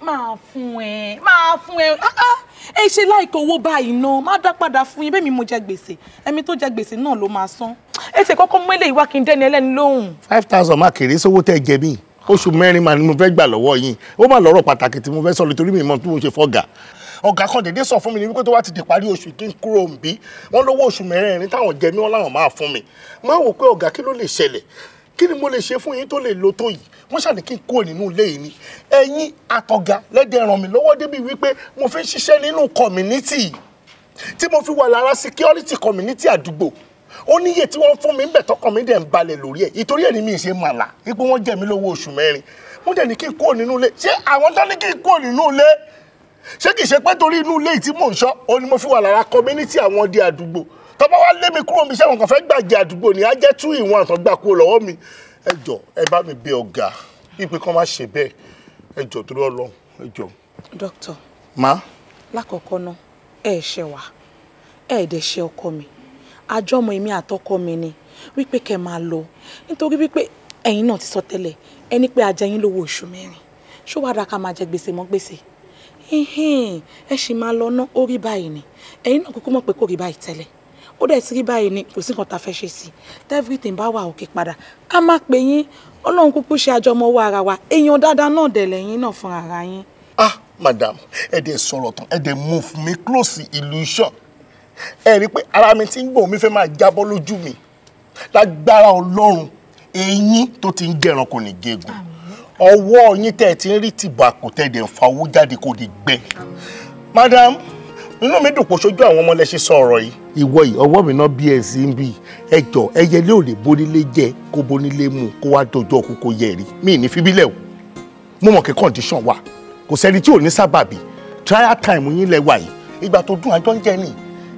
máa fún ẹ máa fún ẹ ah, ah. ẹ ṣe láìka owó báyìí náà má dá padà fún yín bẹ́ẹ̀ mi mo jẹ gbèsè ẹ̀mí tó jẹ gbèsè náà ló máa san ẹ ṣe kọ́kọ́ mú eléyìí wá kí n dẹ́ni ẹlẹ́ni lóhùn.
five thousand máa kéré sówó tẹ́ jẹ mí oṣù mẹ́rin màá ni mo fẹ́ gbà lọ́wọ́ yín ó mà lọ́rọ̀ pàtàkì tí mo fẹ́ sọ nítorí mi mọ tí mo ṣe fọ́gà
ọ̀gá kan dédé sọ fún mi ní wípé
tó wá ti dé parí oṣù kí n kúrò ń bí wọ́n lówó oṣù mẹ́rin táwọn jẹ mí wọ́n láwọn máa fún mi máa wò pé ọ̀gá kí ló lè ṣẹlẹ̀ kí ni mo lè ṣe fún yín tó lè lo tó yìí wọ́n ṣàní kí n kúrò nínú ilé yìí ni ẹ̀yin àtọ̀gá lẹ́dẹ̀ ràn mí lọ́wọ́ débi wípé mo fi ń ṣiṣẹ́ nínú community tí mo fi wà lára security community àdúgbò ó níye tí wọ́n fún mi ń bẹ̀ tọkàn mi dẹ̀ ń balẹ̀ lórí ẹ̀ ìtorí ẹ̀ ni mi ṣe màlà wípé wọ́n jẹ mí lówó oṣù mẹ́rin wọ́n dẹ̀ ní kí n kúrò nínú ilé ṣé àwọn tó ní kí n kúrò nínú ilé ṣé kì í ṣe pé torí inú ilé yìí tọ́ba wá lé mi kúrò mi iṣẹ́ wọn kàn fẹ́ gbàjẹ́ àdúgbò ni á jẹ́ tú ìwọ̀n àtàn gbà kúrò lọ́wọ́ mi ẹ ẹ bá mi bẹ̀ ọ̀gá ìpè kan má ṣe bẹ́ẹ̀ ẹ torí Ọlọ́run ẹ dókítà ma.
lákọ̀ọ́kọ́ ná ẹ ṣe wá ẹ dẹ̀ ṣe ọkọ mi àjọmọ̀ èmi àtọkọ mi ni wípé kẹ́ máa lọ nítorí wípé ẹ̀yin náà ti sọ tẹ́lẹ̀ ẹni pé a jẹ yín lówó oṣù mẹ́rin ṣó ká máa jẹ gbèsè mọ́ gbèsè ẹ ṣì máa lọ ná orí báyìí ni ẹ̀yin náà kúkú mọ̀ pé kò rí báyìí tẹ́lẹ̀ ó dẹ̀ ti rí báyìí ni kò sí nǹkan tá a fẹ́ ṣe sí i everything bá wà òkè padà a máa pè yín ọlọ́run kúkú ṣe àjọmọ́wọ́ ara wa èèyàn dáadáa náà dẹ̀ lẹ́yìn náà fún ara yín.
ah madam ẹ dẹ̀ sọ̀rọ̀ tán ẹ dẹ̀ move me close illusion ẹ rí i pé ara mi ti ń gbọ̀n mi fẹ́ máa jábọ́ lójú mi lágbára ọlọ́run eyín tó ti ń jẹran kò ní gégùn ọwọ́ yín tẹ̀ ti ń rí tìbàkù tẹ̀ dẹ̀ ń owó jáde kò ní gbẹ madam. Mm -hmm inú mi dùn pé ṣojú àwọn ọmọ lẹ́sẹ̀ sọ ọ̀rọ̀ yìí. ìwọ yìí ọwọ́ mi náà bí ẹ sí ń bì ẹjọ ẹyẹlé ò lè bonílé jẹ kó bonílé mu kó wá dojú ọkú kó yẹ rí mí ní fíbílẹ̀ o mo mọ̀ kí condition wà kò sẹ́ni tí ò ní sábàbí trial time yín lẹ wà yìí ìgbà tó dùn àjọ ń jẹ nìyí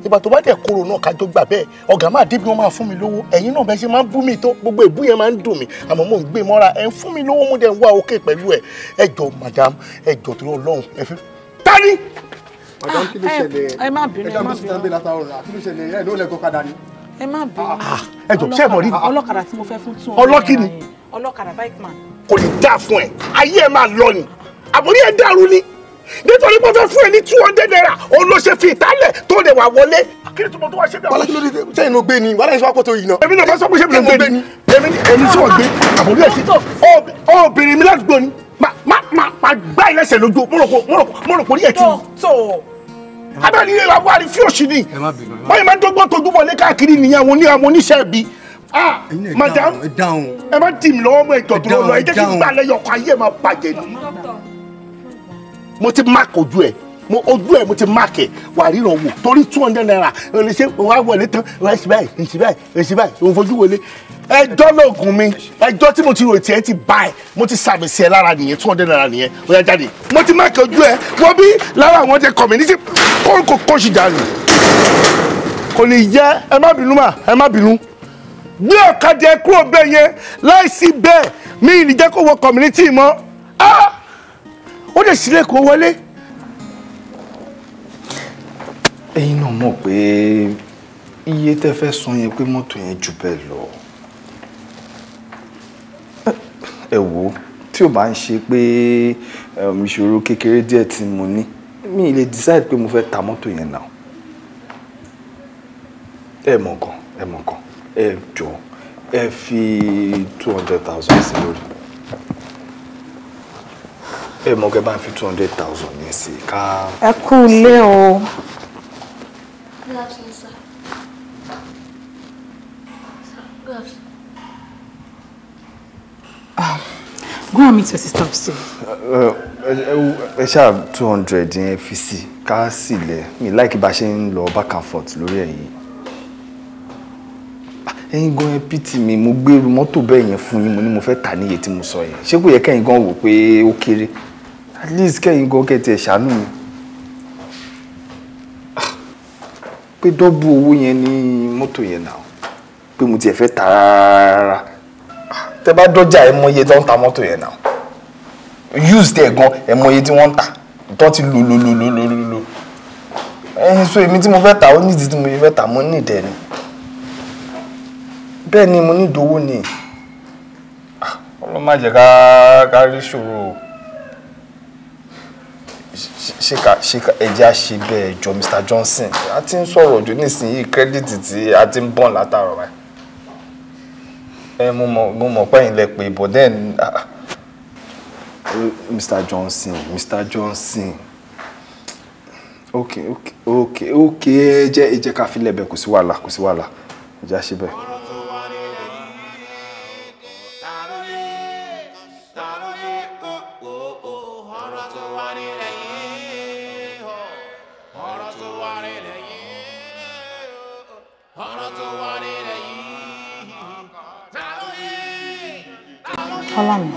ìgbà tó bá dẹ̀ kúrò náà kájọ gbà bẹ́ẹ̀ ọ̀gá máa débi wọn máa fún mi lówó ẹ̀yin náà bẹ́ẹ̀ ṣe máa bú mi tó gbogbo ìbú yẹn máa ń dùn mí àmọ́ mò ń gbé mọ́ra ẹ̀ ń fún mi lówó mo dẹ̀ ń wá òkè pẹ̀lú ẹ jọ madam ẹ jọ tó lọ́hùn ẹ fi.
tani ọ̀dọ́ ah, kí
ló ṣẹlẹ̀ ẹ
má bínú ẹ má bínú ẹ̀dá mi látàrọ̀ rà kí ló ṣẹlẹ̀ ẹ̀ ló lẹ́kọ̀ọ́ kadà ni. ẹ má bínú ah, ah. ẹ jọ ṣe é mọ̀ rí
ọlọ́kadà tí mo fẹ́ fún tún ọlọ́kìnì ọlọ́kadà bike man.
kò ní dáa fún ẹ ayé ẹ máa
lọ ni àbórí ẹ dàrú ni nítorí mo fẹ́ fún ẹ ní two hundred naira òun ló ṣe fi ìtálẹ̀ tó lè wà wọlé. kí ni tòmọ̀ tó wá ṣe bí àwọn. wàhálà kí ló dé sẹ́yìn ló gbé ni wàhálà ìṣọ́ àpótò yìí náà. èmi náà bá sọ pé ṣé mi ló gbé ni èmi èmi tí wọ́n gbé àbórí ẹ̀ sí obìnrin mi láti gbọ́ ni má má má gbá ilẹ̀ṣẹ̀ lójú mo rò pé orí ẹ̀ ti. tó tó abẹ́rẹ́ nílé ìwà buhari fíòsì ni báyìí máa ń dọ́gbọ́n tó dúbọ̀ lé káàkiri nìyẹn àwọn oníṣẹ́ ah, ibi madam ẹ má tì mí lọ́wọ́ mọ́ ìjọ tó lọ ẹ jẹ́ kí n gbà lẹ́yọ̀ ọkọ̀ ayé ẹ má bàjẹ́ ni mo ti má kojú ẹ̀ mo ojú ẹ̀ mo ti máàkì wà ríran wò torí two hundred naira ẹni ṣe wà wọlé tán wà ṣì báyìí ṣì báyìí ṣì báyìí òun fojú wọlé ẹjọ́ náà gùn mi ẹjọ́ tí mo ti rò tiẹ̀ ti bá ẹ̀ mo ti sàmì sí ẹ lára nìyẹn two hundred naira nìyẹn ó yá jáde mo ti máàkì ojú ẹ wọ́n bí lára àwọn jẹ community kóńkó kóńṣì dànù kò ní yẹ ẹ má bínú mà ẹ má bínú gbé ọ̀kadà ẹ kúrò bẹ́ẹ̀ yẹn láìsí bẹ́ẹ̀ mi ìnìjẹ́ kó wọ community mọ́ ah! ó lè sílẹ̀ kó wọlé
ẹ̀yin náà mọ̀ pé iye tẹ́ fẹ́ san yẹn pé mọ́tò yẹn jù bẹ́ẹ̀ lọ ẹ wò tí ò bá ń ṣe pé ehm, ìṣòro kékeré díẹ̀ tí mo ní mi lè decide pé mo fẹ́ ta mọ́tò yẹn náà ẹ mọ̀ kan ẹ mọ̀ kan ẹ jọ ẹ fi two hundred thousand sí lórí ẹ mọ̀ kẹ́ bá ń fi two hundred thousand yẹn sí ká.
ẹ kú ilé o gloves inside. So, gloves. Go and meet your sister upstairs.
Ẹ ṣáà two hundred yẹn fi sí ká sì lẹ̀ mi láìkí bá ṣe ń lọ back and forth lórí ẹ̀yìn. Ah, ẹ̀yin gan ẹ pity mi mo gbèrú mọ́tò bẹ́ẹ̀ yẹn fún yín mo ní mo fẹ́ tà níye tí mo sọ yẹn. At least kẹ́yin gan kẹ́ tiẹ̀ ṣàánú mi. pé dọ́bù owó yẹn ní mọ́tò yẹn náà pé mo tiẹ̀ fẹ́ tà rárá tẹ bá dọ́jà ẹ mọ iye tó ń ta mọ́tò yẹn náà use tẹ̀ gan ẹ mọ iye tí wọ́n ń tà tó ti lò lò lò lò lò lò lò ẹyin so èmi tí mo fẹ́ tà ó nídìí tí mo fẹ́ tà mo ní ìdẹ ni bẹ́ẹ̀ ni mo ní ìdówó ni
ah, ọlọ́mọ àjẹká ká ṣòro o
ṣèkà ṣèkà ẹjẹ àṣe bẹ́ẹ̀ jọ Mr Johnson a ti ń sọ̀rọ̀ jù nísìnyí kírẹ́dìtì tí a ti ń bọ̀n látàrọ̀ rẹ̀ ẹ mo mọ̀ mo mọ̀ pẹ́yìn lẹ pé but then Mr Johnson Mr Johnson ok ok ok ok ẹ jẹ́ ẹ jẹ́ ká fi lẹ́bẹ̀ẹ́ kò sí wàhálà kò sí wàhálà ẹjẹ àṣe bẹ́ẹ̀.
Falan mı?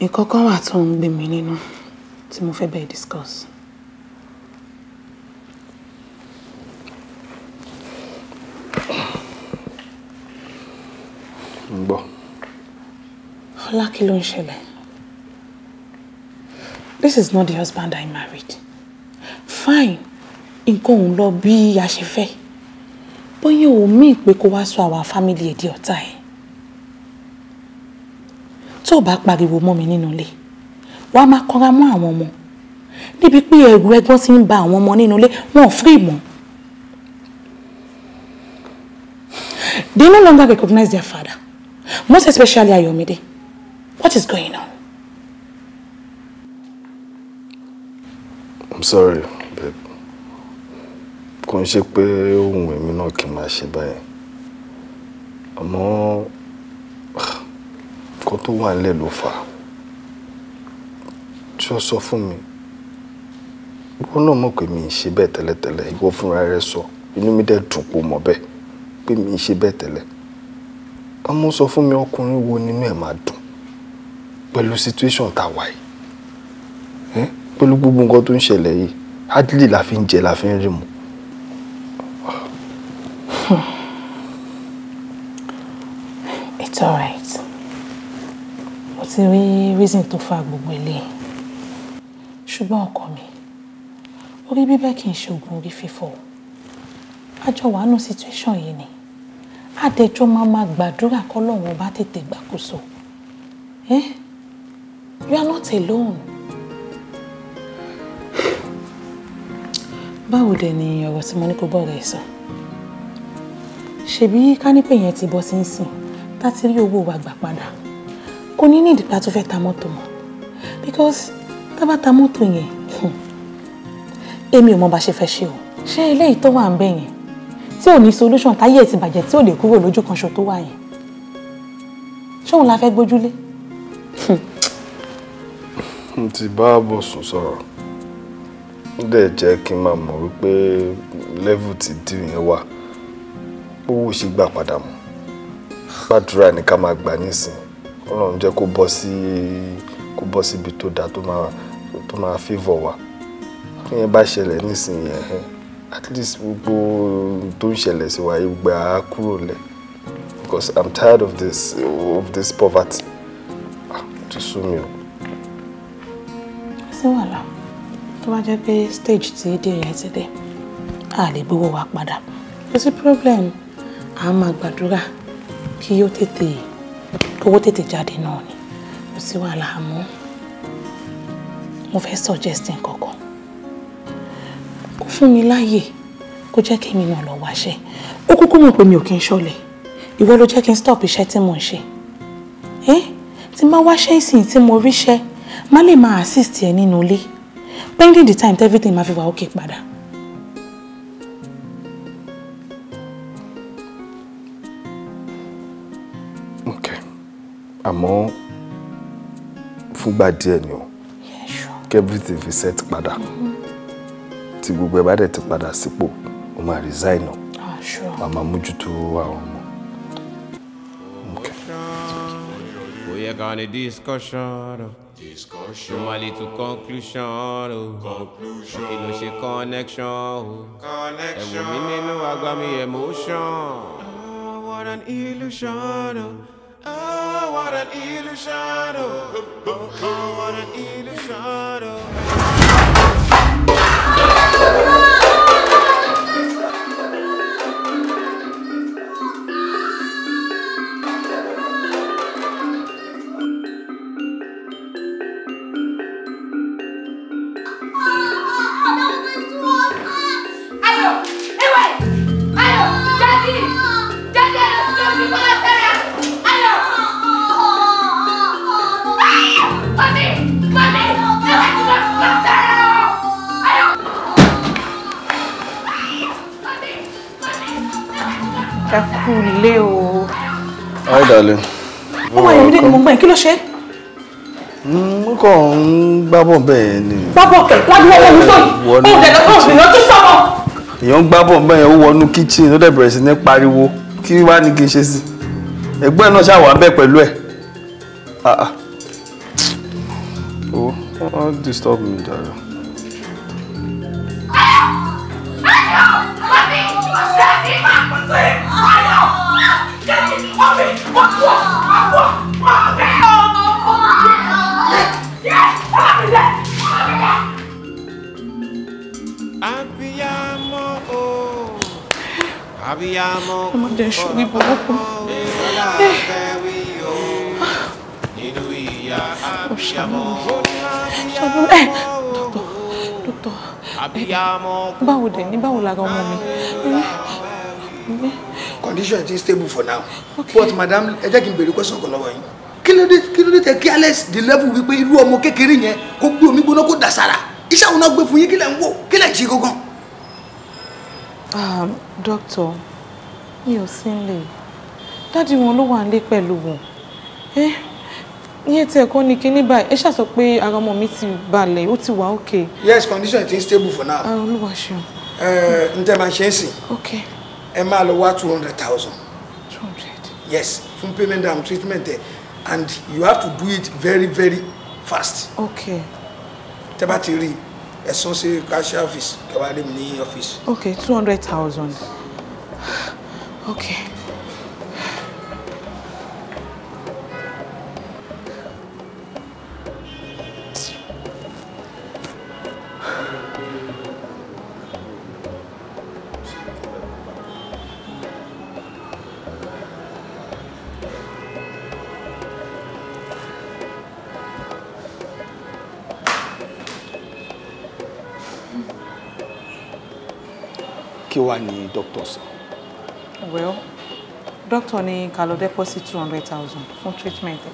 Nǹkan kan wà tó ń gbé mi nínú tí mo fẹ́ bẹ́ẹ̀ discuss. Tọ́lá This is not the husband I married. Fine, nǹkan òun lọ bí a ṣe fẹ́. Bóyá ò mí pé kó wá sọ àwa fámìlì ẹ̀ di ọ̀tá ẹ̀. Tó o bá pariwo mọ́ mi nínú ilé, wàá máa kọ́ra mọ́ àwọn ọmọ. ba àwọn ọmọ nínú ilé, wọn ò fún They no longer recognize their father, most especially Ayomide. What is going on?
I'm sorry, babe. Kò ń ṣe pé ohun èmi náà kì í máa ṣe báyìí. Àmọ́ nǹkan tó wà nílẹ̀ ló fà á.
Ṣé o sọ fún mi? Ìwọ náà mọ̀ pé mi ì ṣe bẹ́ẹ̀ tẹ́lẹ̀tẹ́lẹ̀. Ìwọ fúnra rẹ sọ. Inú mi dẹ̀ dùn pé o mọ̀ bẹ́ẹ̀ mi ì ṣe bẹ́ẹ̀ tẹ́lẹ̀. Àmọ́ sọ mi ọkùnrin wo nínú ẹ̀ máa dùn? pẹ̀lú situation tá a wà yìí pẹ̀lú gbogbo nǹkan tó ń ṣẹlẹ̀ yìí hardly la fi ń jẹ la fi ń rí mu.
it's alright mo ti rí reason tó fa gbogbo eléyìí ṣùgbọ́n ọkọ mi orí bíbẹ́ kì í ṣoògùn orí fífọ́ àjọ wàánu situation yìí ni àdẹjọ́ máa ma gbàdúrà kọ́ lọ́wọ́n bá tètè gbàkóso. Eh? You are not alone. Báwo dẹ̀ ni ọ̀rọ̀ tí mo ní kó bọ̀rẹ̀ sọ? Ṣèbí kánípẹ̀ yẹn ti bọ́ sí ń sìn láti rí owó wa gbà padà. Kò ní ní ìdìpá tó fẹ́ ta mọ́tò mọ́. Because tá bá ta mọ́tò yẹn, hmm, èmi ò mọ bá ṣe fẹ́ ṣe o. Ṣé eléyìí tó wà ń bẹ̀ yẹn? Tí ò ní solution táyé ẹ̀ ti bàjẹ́ tí ò lè kúrò lójú kan ṣo tó wà yẹn. Ṣé òun la fẹ́ gbójúlé? Hmm
ti bá bọ̀sùn sọ̀rọ̀ ó dẹ̀ jẹ́ kí n máa mọ̀ wípé level ti dì yẹn wà owó ṣe gbà padà mọ́ gbàdúrà
ni ká máa gbà nísìn ọlọ́run jẹ́ kó bọ́ sí kó bọ́ síbi tó dáa tó máa tó máa favour wa kí yẹn bá ṣẹlẹ̀ nísìn yẹn at least gbogbo tó ń ṣẹlẹ̀ sí wa gbà á kúrò lẹ̀ because I'm tired of this of this poverty ah, tó sú mi o
sí wàhálà tó bá jẹ́ pé stage tí dèrè ẹ ti dé a lè gbowó wa padà kò sí problem a máa gbàdúrà kí yóò tètè owó tètè jáde náà ni kò sí wàhálà àmọ́ mo fẹ́ suggest nǹkan kan kó fún mi láàyè kó jẹ́ kí mi náà lọ wáṣẹ́ ó kúkú mọ̀ pé mi ò kí ń ṣọlẹ̀ ìwọ ló jẹ́ kí n stop iṣẹ́ tí mò ń ṣe ẹ́ tí má wáṣẹ́ ìsìn tí mo ríṣẹ́ má lè máa assist ẹ nínú ilé pending the time everything ma fi wà okay padà.
okay àmọ́ fúngbà díẹ̀ ni o kí everything fi set padà mm-hmm. tí gbogbo ẹ bá dẹ̀ ti padà sípò o máa resign o wàá ah, máa mójútó àwọn ọmọ.
Okay. We are gonna discussion. Discussion. Mo wá conclusion o. Oh. Conclusion. Kí no ṣe connection o. Oh. Connection. Ẹ̀wù mi nínú got mi emotion.
Oh, what an illusion Oh, oh what an illusion Oh, what an illusion
Hi,
darling. Oh
my, dé ni mo
gbọ́ yẹn, kí ló ṣe?
Mm, mo kàn ń
gbábọ̀ bẹ́ẹ̀ ni.
Gbábọ̀ kẹ̀, ládùúgbò wọn ló sọ̀rọ̀. Ó dẹ̀ lọ́kàn ìyẹn tó sọ̀rọ̀.
Èèyàn ń gbábọ̀ bẹ́ẹ̀ ó wọnú kíchìn ó dẹ̀ bẹ̀rẹ̀ sí ní pariwo. Kí wá ni kí n ṣe sí? Ẹgbẹ́ náà ṣàwà bẹ́ẹ̀ pẹ̀lú ẹ̀. Ah ah. Oh, don't
disturb me, darling.
ọmọdé ń ṣorí burúkú. ó ṣàmù
ṣàmù ẹ dókítà dókítà báwo dẹ̀ ní báwo lára ọmọ mi.
condition is stable for now
okay. but madam ẹ
jẹ́ kí n béèrè question kan lọ́wọ́ yín kí ló dé kí careless the level wípé irú ọmọ kékeré yẹn kó gbé omi gbóná kó dà sára iṣẹ́ àwọn náà gbé fún yín kí lẹ̀ ń wò kí
um, doctor mi ò sí nílé dádì wọn ló wà nílé pẹ̀lú wọn ẹ yẹn tí ẹ̀kọ́ ni kíní báyìí ẹ ṣàṣọ pé ara ọmọ mi ti balẹ̀ ó ti wà okay.
yes condition ti stable for now. Ah,
olúwa ṣeun.
Eh, n tẹ́ máa ṣe é sìn. okay. ẹ máa lọ wá two hundred thousand.
two hundred.
yes fún payment and treatment ẹ and you have to do it very very fast. okay. tẹ́ bá ti rí i ẹ̀sán sí cash office kẹwàá rí mi ní ọ́fíìsì.
okay two hundred thousand. OK
kí wàá ní dókítà sọ.
well doctor ní ká deposit two hundred thousand fún treatment ẹ̀.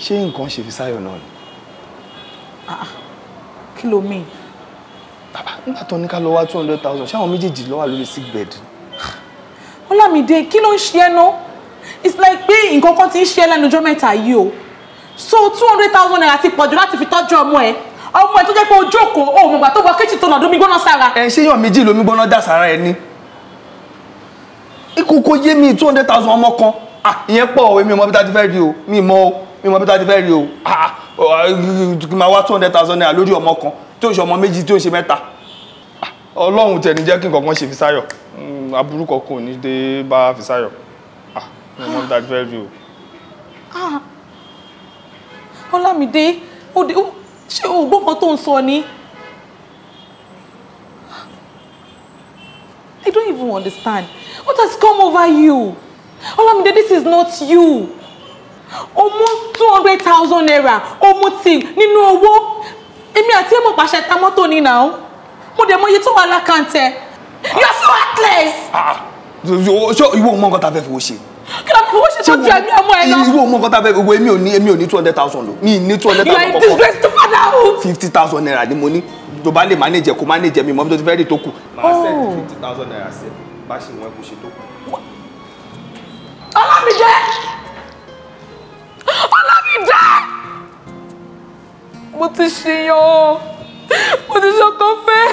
ṣé nǹkan ṣe fi sáyọ̀ náà ni.
Ah, ah. kí ló mean. bàbá nígbà tó ní ká lọ wá two hundred
thousand ṣé àwọn méjèèjì ló lórí sick bed.
Ọlámídé kí ló ń ṣe ẹ́ it's like pé nǹkan kan ti ń ṣe ẹ́ lẹ́nu ọjọ́ mẹ́ta yìí o so two hundred thousand naira ti pọ̀jù láti fi tọ́jú ọmọ ẹ̀ ọmọ ẹ̀ tó jẹ́ pé ojókòó òun ìgbà tó wọ kéjì tó nà mi gbóná sára. ẹ ṣé yàn méjì
lomi gbóná dà sára ẹ ní ikú kò yé mi two hundred thousand ọmọ kan ah, ìyẹn pọ̀ èmi mọ bí tá a ti fẹ́ rí o mi mọ o mi mọ bí tá a ti fẹ́ rí o ah, ah, kí n máa wá two hundred thousand naira lórí ọmọ kan tí o ń ṣe ọmọ méjì tí ò ń ṣe mẹ́ta ọlọ́run tẹ̀ ní jẹ́ kí nǹkan ṣe Fisáyọ̀ hmm, aburú kọ̀ọ̀kan ò ní dé bá Fisáyọ̀
mi mọ bí tá a ti fẹ́ rí o.
Ọlámídé ṣé o gbọ́ kan tó ń sọ ni. I don't even understand. What has come over you? Olamide, this is not you. Ó mú 200,000 naira, Almost thing. tin nínú owó. Èmi àti ẹ mọ̀ pàṣẹ ta mọ́tò ni now. Mo dẹ̀ mọ iye tó wà lákàntẹ̀. You are so heartless.
Ṣé ah, ìwọ mọ nǹkan tá a fẹ́ fowó ṣe?
Kí ló
fi owó ṣe tó ju ẹ̀mí ọmọ ẹ lọ?
Ìwọ mọ nǹkan tá a fẹ́ fowó èmi ò ní èmi ò ní two hundred thousand lọ. You are disgrace to fatherhood. Fifty thousand naira ni mo ní tó bá lè manage kó manage mi mọ́ bí tó ti fẹ́ rí tó kù. màá oh. send fifty thousand naira sí ẹ bá ṣe wọn kò ṣe tó kù.
ọlámídé ọlámídé mo ti ṣèyàn o mo ti ṣọkọ fẹ́.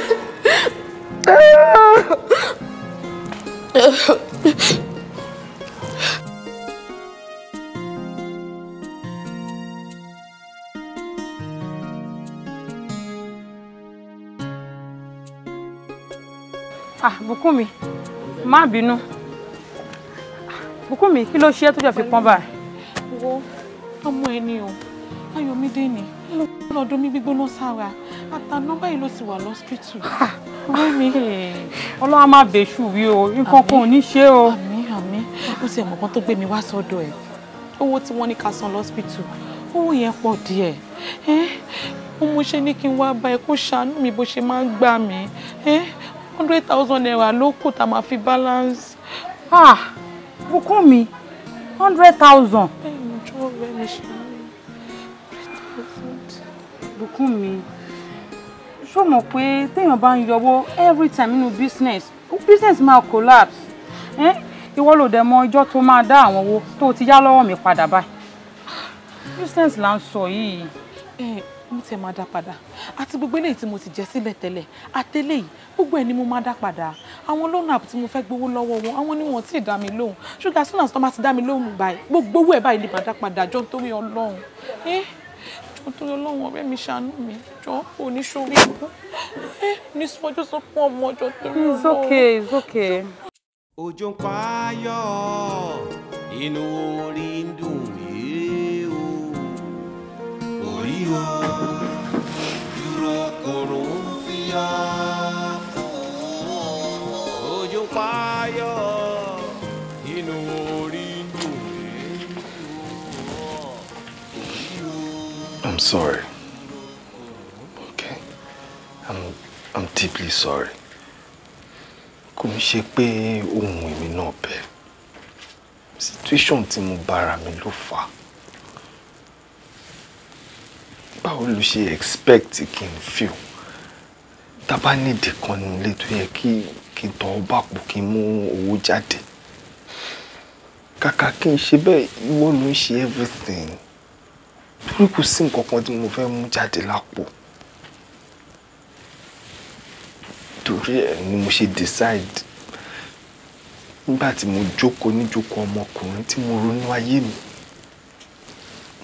ah Bùkúnmi má bínú Bùkúnmi kí ló ṣe é tó jẹ́ fi pọ́n báyìí. wo ọmọ ẹ ni o Ayọ̀mídé ni lọ́dún mi gbígbóná sára àtàná báyìí ló ti wà lọ́sítítù. Rẹ́mi ah, eh, ọlọ́wà má bèṣù wí o nǹkan kan ò ní ṣe o. àmín àmín ó ti ẹ̀mọ̀kan tó gbé mi wá sọ́dọ̀ ẹ̀ owó tí wọ́n ní ká san lọ́sítítù owó yẹn pọ̀ díẹ̀ ó mú ṣe ní kí n wá bá ẹ kó ṣàánú mi bó ṣe máa ń gbà mí hundred thousand naira ló kù tá a máa fi balance. ah Bùkúnmi hundred thousand. bẹ́ẹ̀ ni ojú ọ̀rẹ́ mi ṣe ní hundred thousand. ṣó mọ̀ pé téèyàn bá ń yọwọ́ every time nínú business business máa collapse eh? ìwọ ló dẹ̀ mọ ọjọ́ tó máa dá àwọn owó tó ti yá lọ́wọ́ mi padà báyìí business là ń sọ yìí mo tiẹ̀ máa dá padà àti gbogbo eléyìí tí mo ti jẹ síbẹ̀ tẹ́lẹ̀ àtẹlẹ́ gbogbo ẹ̀ ni mo máa dá padà àwọn loan tí mo fẹ́ gbowó lọ́wọ́ wọn àwọn ni wọn tí dá mi lóhùn ṣùgbọ́n as soon as ti dá mi lóhùn báyìí gbogbo owó ẹ̀ báyìí ni màá dá padà jọ nítorí ọlọ́run ẹ́ jọ nítorí ọlọ́run ọ̀rẹ́ mi ṣàánú mi jọ kò ìbú ẹ́ ní sọ́jọ́ sọ fún ọmọ jọ torí hmm, ọlọ́run. it's okay
it's okay. òjò ń pa inú orí dùn I'm
sorry.
Okay? I'm I'm deeply sorry. Kò ń ṣe pé ohun èmi náà bẹ̀. Situation tí mo bára mi ló fà báwo ló ṣe expect kí n feel tábà nídìí kan nílé tó yẹ kí kí n tọ́ ọ bá pò kí n mú owó jáde kàkà kí n ṣe bẹ́ẹ̀ ìwọ ló ń ṣe everything torí kò sí nǹkan kan tí mo fẹ́ mú jáde lápò torí ẹ̀ ni mo ṣe decide nígbà tí mo jókòó níjókòó ọmọkùnrin tí mo ronú ayé mi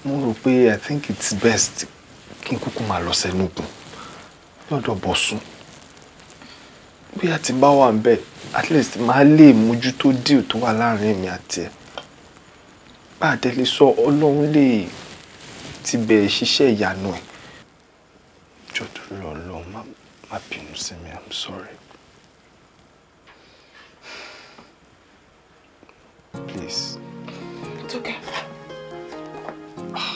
mo rò pé i think it's best kí kúkú máa lọ sẹ́nu ògùn lọ́dọ̀ bọ̀sùn bóyá tí bá wà níbẹ̀ at least máa lè mójútó díù tó wà láàrin èmi àti ẹ̀ bá a délé sọ ọlọ́run lè ti bẹ̀rẹ̀ ṣiṣẹ́ ìyanu ẹ̀
jọ̀dọ̀ lọ́ọ́ má bínú sí mi i'm sorry. Please.
It's okay. Ah.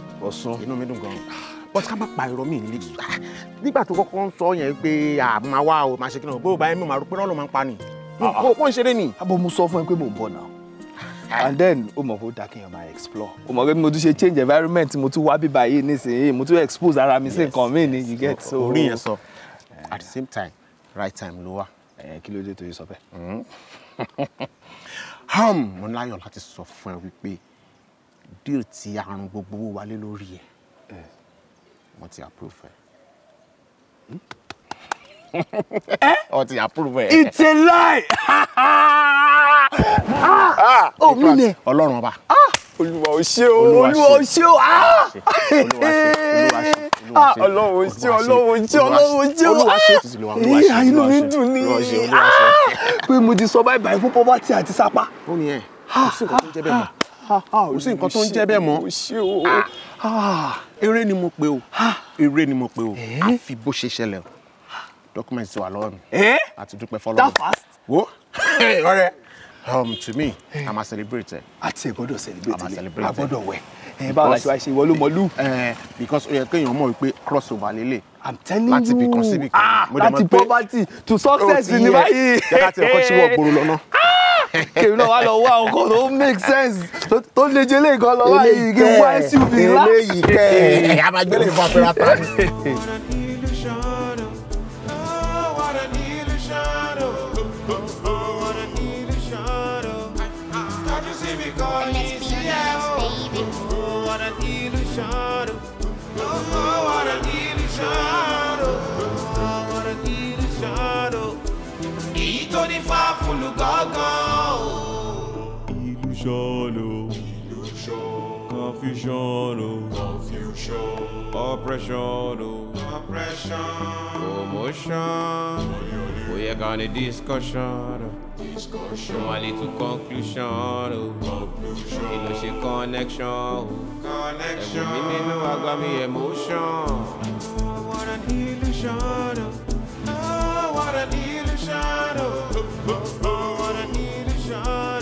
Ọ̀ṣun inú mi dùn gan-an ká má pa irọ́ mi nílé ah, nígbà tó kọ́kọ́ ń sọ yẹn pé àmà wa ò
máa ṣe kí náà bó bá mi máa rò pé lọ́lọ́ máa ń pa ni kó ah, ah. ń ṣeré ni. abo mo sọ fún ẹ pé mo bọ̀ náà and then o mọ̀ pé ó dáa kí èèyàn máa explore o mọ̀ pé mo tún ṣe change environment mo tún wá bíbá yìí nísìnyí mo tún expose ara mi sí nǹkan mi ni you get so. orí yẹn sọ eh. at the same time right time ló wà. Eh, kí ló dé tó yẹ sọ bẹ́ẹ̀. Hmm. Hmm. Um, mo
láyọ̀ láti sọ fún ẹ wípé deal ti àrùn gbogbo wa lé lórí ẹ̀ eh. ti approve ẹ̀.
Hmm? Eh? wọ́n
ti approve ẹ̀. it's a lie.
Ah! Ah!
Oh, mi nẹ. ọlọ́run ọba. Ah! olúwa ò ṣe o olúwa ò ṣe o.
ọlọ́run ò ṣe ọlọ́run ò ṣe ọlọ́run ò ṣe o. ìyá inú mi dùn ní. pé mo ti sọ báyìí báyìí fún pọ́pátì àti sápá. ó ní ẹ̀ kò sí nǹkan tó jẹ́ bẹ́ẹ̀ mọ́ kò
sí nǹkan tó ń jẹ́ bẹ́ẹ̀
mọ́
eré
ni mo pe o eré ni mo pe o eh? àfi bó ṣe ṣẹlẹ̀ o documents ti wà lọ́wọ́ mi
àti eh? dúpẹ́ fọlọ́wọ́ wo ọ̀rẹ́ um, to me hey. Eh. i'm a celebrate. a ti ẹ gbọ́dọ̀ celebrate le a gbọ́dọ̀ wẹ ẹ báwo la ṣe wá ṣe wọlé mọlú. because ó yẹ kéèyàn mọ̀ wípé cross over lélẹ̀. i'm telling you ah, láti bìkan síbìkan. láti poverty to success oh, ni báyìí. jẹ́ ká ti ẹ̀kọ́ sí wọ́ọ̀gbọ̀rọ̀ lọ́nà. Ah! kèmí náà wá lọ wá nǹkan tó make sense tó lè jẹ́ lè gan lọ́wọ́ yìí kí wá SUV ńlá. eléyìí kẹ ẹ
a máa fún afẹ́ra ta. Shadow, Ethan, God.
Confuciano. Oh. Confuciano. Confuciano. Oh. Oppression. Oppression. Oh. Promotion. We are gonna discussion. Discussion. From little conclusion. Conclusion. You know she connection. Connection. Me me know I got me emotion. Oh,
what an illusion. Oh, what an illusion. Oh, oh, oh what an illusion.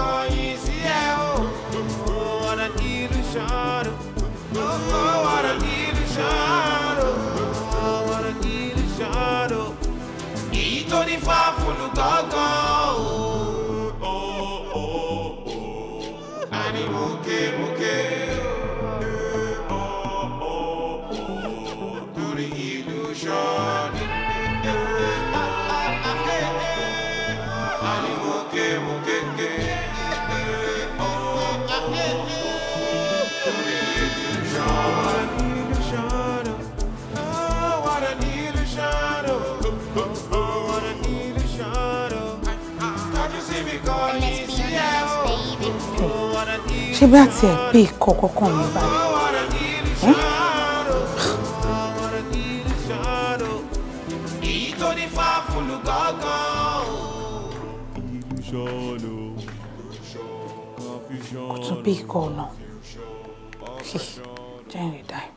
coins, yeah, oh, oh what an illusion, oh, oh what an illusion, oh, oh what an illusion, oh, e no gogão.
ṣé bí àti ẹ̀ pé ikọ̀ kọ̀ọ̀kan mi báyìí.
kò
hm? tún bí ikọ̀ ọ̀nà jẹ́
ìrìn dáì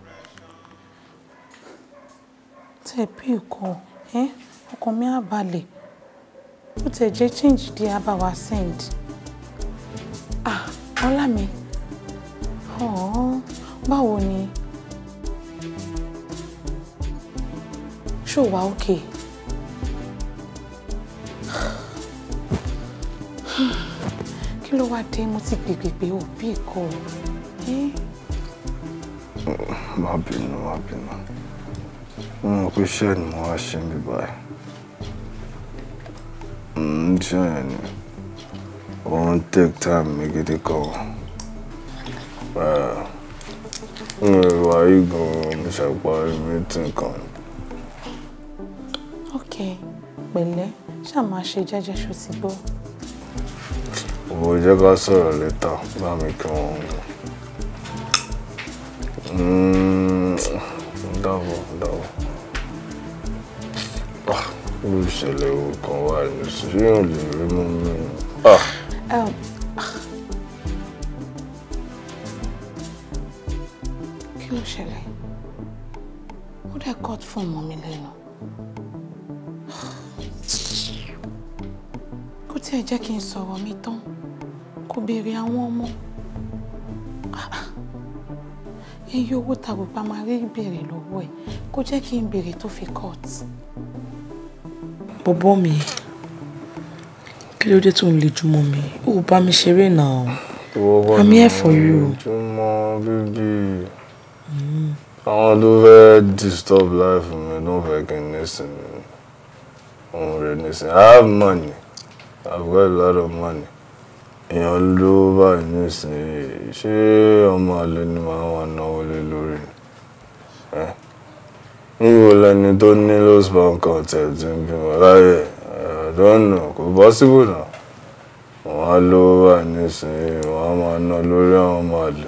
tẹ̀ bí ikọ̀ ọkàn mi á balẹ̀ ó tẹ̀ jẹ́ change di abáwa send ọlá mi báwo ni ṣó wà ókè. kí ló wá dé mo ti gbègbègbè òbí ìkọ
má bínú má bínú mo mọ̀ pé iṣẹ́ ni mo wá ṣe ń bí báyìí iṣẹ́ ni òun take time make it mi gidi kan n ò wá igun mi ṣàparí meeting kan.
ok pẹ̀lẹ́ ṣáà máa ṣe jẹ́jẹ́ ṣó ti gbọ́.
òwò jẹ́ ká sọ̀rọ̀ lẹ́tà bá mi kí wọ́n double, hmm, dábọ̀ dábọ̀ olùṣẹ̀lẹ̀ ah, òkan wà ní sùúrù lè rí mú mi. Ah.
Um, kí ló ṣẹlẹ̀? Ó dẹ̀ cut fún ọmọ mi lẹ́nu. Kó tiẹ̀ jẹ́ kí n sọ̀rọ̀ mi tán. Kò béèrè àwọn ọmọ. Iye owó tàbùpá máa rí béèrè lọ́wọ́ ẹ̀. Kó jẹ́ kí n béèrè tó fi cut. Bọ̀bọ́ mi kí ló dé tó ń le mi ó bá mi ṣeré náà
I'm here for you. jùmọ̀ bíbí mm. àwọn tó fẹ́ disturb life mi ló fẹ́ kí n òun rẹ̀ nísìnyí I have money I've got a lot of money èèyàn ló bá nísìnyí ṣé ọmọ àlè ni màá wà náwó lé lórí ẹ níbo lẹni tó ní lọ́sibọ̀n kan tẹ̀ tí ń bímọ láyé dọ́nà kò bọ́síbù náà wọ́n á lọ wà nísìnyí wọ́n á máa ná lórí àwọn ọmọ àlè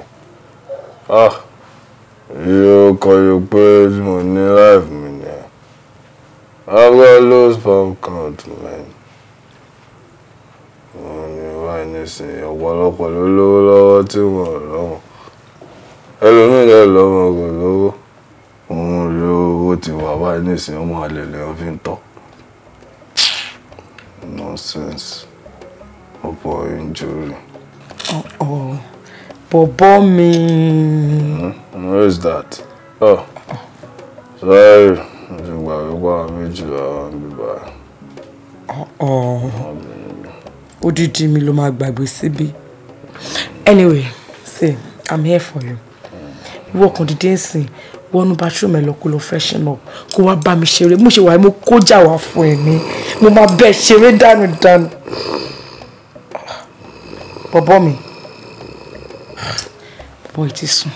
ah yóò kọyọ pé mo ní life mi ni I got lost palm count man wọ́n ní wà nísìnyí ọ̀pọ̀lọpọ̀ ló lówó lọ́wọ́ tí wọ́n lọ́wọ́ ẹlòmíràn lọ́wọ́ kò lówó òun rí owó ti wà wá nísìnyí ọmọ àlè lè fi ń tọ́. Nonsense. Oh boy, injury.
Oh, oh. Bobo me. Mm
-hmm. Where is that? Oh. Sorry.
Oh, oh. Odidi did Jimmy máa gbàgbé síbí. Anyway, see, I'm here for you. Hmm. Ìwọ kàn dìde ń sìn wọnú bathroom ẹ lọ kó lọ freshen up kó wá bá mi ṣeré mo ṣe wà mo kójà wá fún ẹ ní mo máa bẹ ṣeré dànù dànù bọ̀bọ̀ mi bọ̀bọ̀ ìtì sùn.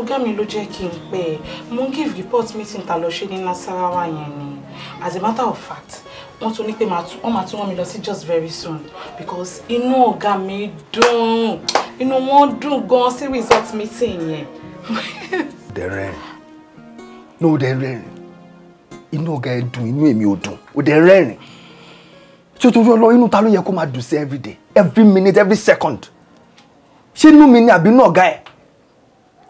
ọ̀gá mi ló jẹ́ kí n pẹ́ ẹ mo ń give report meeting ta lọ ṣe ní Nasarawa yẹn ni as a matter of fact wọ́n tún ní pé wọ́n máa tún wọ́n mi lọ sí just very soon because inú ọ̀gá mi dùn inú wọn dùn gan sí result meeting yẹn.
dẹ̀rẹ̀ no dẹ̀rẹ̀ inú
ọ̀gá ẹ dùn inú èmi ò dùn ò dẹ̀ rẹ́rìn tí o torí ọlọ́run inú ta ló yẹ kó máa dùn sí every day every minute every second ṣé inú mi ni àbí inú ọ̀gá ẹ̀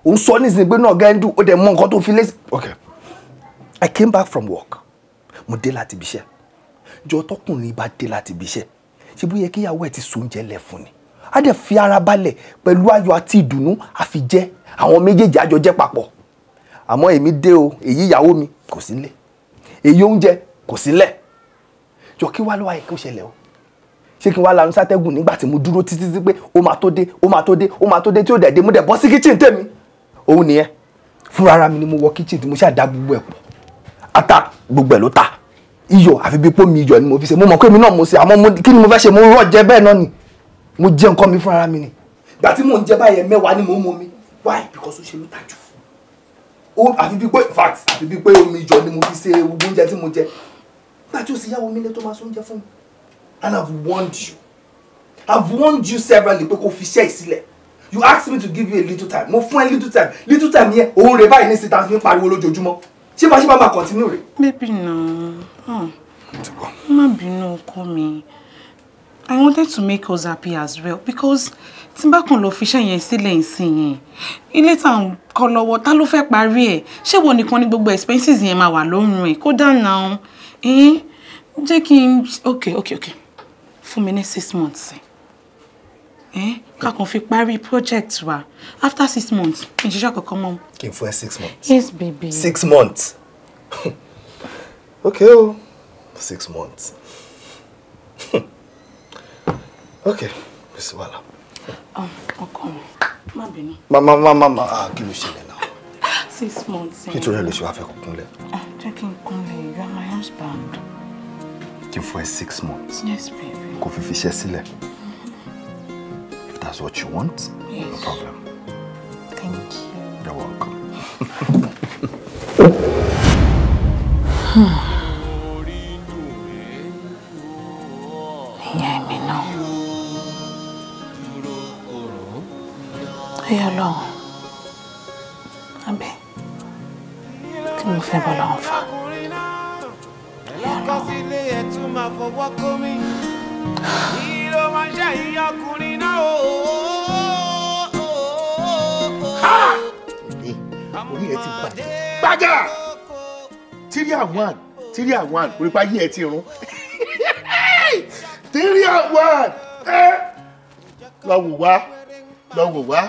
òun sọ nísìnyí pé náà gẹ́ndù ó dẹ̀ mọ nǹkan tó fi lẹ́sìn. ok i came back from work mo dé láti ibi iṣẹ́ jọ tọkùnrin bá dé láti ibi iṣẹ́ ṣe bó yẹ kí ìyàwó ẹ̀ ti so oúnjẹ lẹ̀ fún ni á dẹ̀ fi ara balẹ̀ pẹ̀lú ayọ̀ àti ìdùnnú àfi jẹ àwọn méjèèjì àjọ jẹ papọ̀ àmọ́ èmi dé o èyí ìyàwó mi kò sí nílé èyí oúnjẹ kò sí jọ kí wá ló wáyé kó o ṣé kí n wá lanu sátẹ́gùn nígbà tí mo dúró títí pé ó máa tó dé ó máa tó dé ó máa tó dé tí ó dẹ̀ dé mo dẹ̀ bọ́ sí kíchìn tèmi òun nìyẹn fúnra ara mi ni mo wọ kitchen tí mo ṣáà dá gbogbo ẹ̀ pọ̀ ata gbogbo ẹ̀ ló ta iyọ̀ àfi bíi pómi iyọ̀ ni mo fi ṣe mo mọ̀ pé èmi náà mo ṣe àmọ́ kí ni mo fẹ́ ṣe mo rọ̀ jẹ bẹ́ẹ̀ náà ni mo jẹ nǹkan mi fúnra ara mi ni gbà tí mò ń jẹ báyẹn mẹ́wàá ni mò ń mu why because ó ṣe ló tàjù ó àfi bíi pé in fact àfi bíi pé omi iyọ̀ ni mo fi ṣe gbogbo oúnjẹ tí mo jẹ gbà tí ó sì yá omi ilé tó máa sóúnjẹ fún mi and I've warned you I've warned you severally pé kò fi iṣẹ́ ìsílẹ̀ you ask me to give you a little time mo fun, ẹ little time little time yẹn òun rè báyìí ní síta fi ń pariwo lójoojúmọ́ ṣé bá ṣe bá máa continue rè.
bébì náà hmm. má bínú ọkọ mi i wanted to make us happy as well because tí n bá kàn lọ fiṣẹ́ yẹn sílẹ̀ ìsìnyìn ilé tá à ń kọ́ lọ́wọ́ ta ló fẹ́ parí ẹ̀ ṣé wo nìkan ni gbogbo expenses yẹn máa wà lọ́rùn ẹ̀ kódà náà jẹ́ kí n ok ok ok fún mi ní six months eh, kàn fi parí project wa after six months kí n ṣiṣẹ́ kankan mọ́.
kí six months.
yes baby. six months okay oh.
six months okay kò wala. Oh,
ọkọ mi má bínú.
má má má má má ah, kí ló
six months. kí torí ẹ lè ṣe
wá fẹ́ kó kúnlẹ̀.
Ah, jẹ́ kí n you
are my husband. kí n six months. yes baby. kò fi fi ṣẹ́ sílẹ̀ that's what you want, yes. no problem. Thank you. You're welcome.
Yeah, I náà. Ẹ yọ lọ́hùn.
Abẹ́ kí ni mo fẹ́ bọ́ lọ́hùn fà? Ẹ yọ ti bàjẹ́ gbájà
tírí àwọn tírí àwọn orípa yí ẹ ti rún tírí àwọn ẹ lọ wò wá lọ wò wá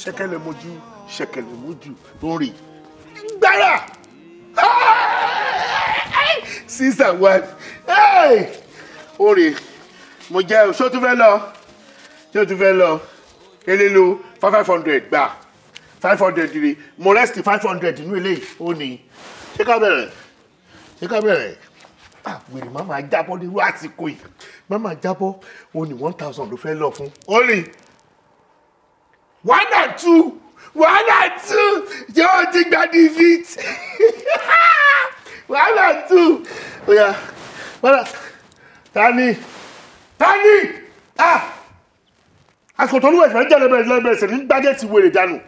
ṣẹ̀kẹ̀lẹ̀ mojú ṣẹ̀kẹ̀lẹ̀ mojú lórí gbára six and one orí mo jẹ́ o ṣó tún fẹ́ lọ ṣó tún fẹ́ lọ elélo five five hundred gbà five hundred rè mo five hundred nínú eléyìí ó ní ṣé ká bẹ̀rẹ̀ ṣé ká bẹ̀rẹ̀ àwèrè ah, má máa jábọ́ nírú àsìkò yìí má máa jábọ́ ó ní one thousand ló fẹ́ lọ fún ó ní one and two one and two yóò ti gba the fit one and two ó yá one and tani tani ah àsìkò tó lúwẹ̀ fẹ́ jẹ́ lẹ́bẹ̀rẹ̀ lẹ́bẹ̀rẹ̀ sẹ̀ ní gbájẹ́ ti wèrè dànù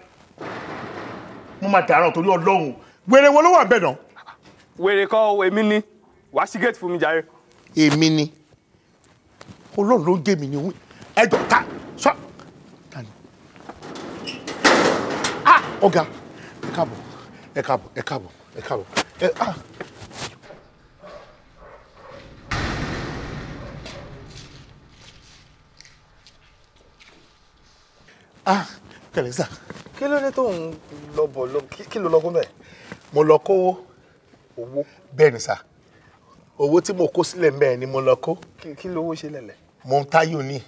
mo máa dàrán torí ọlọ́run wèrè wo ló wà bẹ́ẹ̀ náà.
wèrè kọ́ èmi ni wàá sí gate fún mi jàre.
èmi ni ọlọ́run ló ń gé mi ní òun ẹjọ́ ká sọ. Ah, ọ̀gá ẹ káàbọ̀ ẹ káàbọ̀ ẹ káàbọ̀ ẹ káàbọ̀
ah, ah pẹ̀lẹ́ sà. kí ló dé tó ń lọ bọ̀ lọ kí ló lọ kó bẹ́ẹ̀. mo lọ kó owó. bẹ́ẹ̀ ni sà
owó tí mo kó sílẹ̀ mbẹ́ẹ̀ ni mo lọ kó. kí lowó ṣe lẹ̀lẹ̀. mo ń táyò ní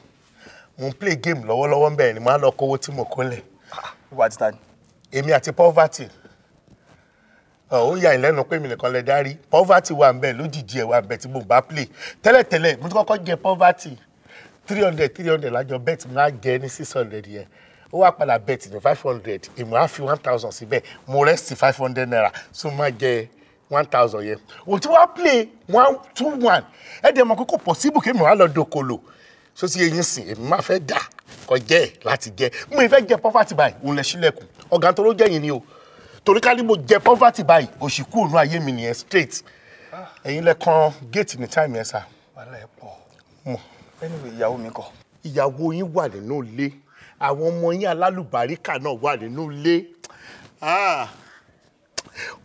mo ń play game lọ́wọ́lọ́wọ́ mbẹ́ẹ̀ ni màá lọ kó owó tí mo kó lẹ̀. ìwà ah, àti ta ni. èmi àti poverty ó yà ẹ́ lẹ́nu pé mi nìkan lè darí poverty wà ń bẹ lójijì ẹ̀ wà ń bẹ tí mo bá play tẹ́lẹ̀tẹ́lẹ̀ mo ti kọ́kọ́ jẹ poverty three hundred three hundred lájọ bet mi á jẹ ní six hundred yẹn ó wá padà bẹ́ẹ̀tì ní five hundred èmi á fi one thousand síbẹ̀ mo rẹ́sì five hundred naira so máa jẹ one thousand yẹn òun tí wàá play one two one ẹ dẹ̀ mọ̀ pé kò possible kémi wàá lọ dòkolo so ti eyín sìn èmi máa fẹ́ dà kọ jẹ́ ẹ̀ láti jẹ́ mo ì jẹ pọ́fàtì báyìí òun lẹ̀ sílẹ̀kùn ọ̀gá tó ló jẹ́ yìí ni o torí ká ní mo jẹ pọ́fàtì báyìí òṣìkú òun ayé mi nìyẹn straight ah. ẹ̀yin lẹ kan géètì ní time yẹn sà. wàhálà ẹ pọ̀ hmm.
anyway ìyàwó mi kọ.
ìyàwó yín wà nínú ilé àwọn ọmọ yín alálùbáríkà náà wà nínú ilé ah,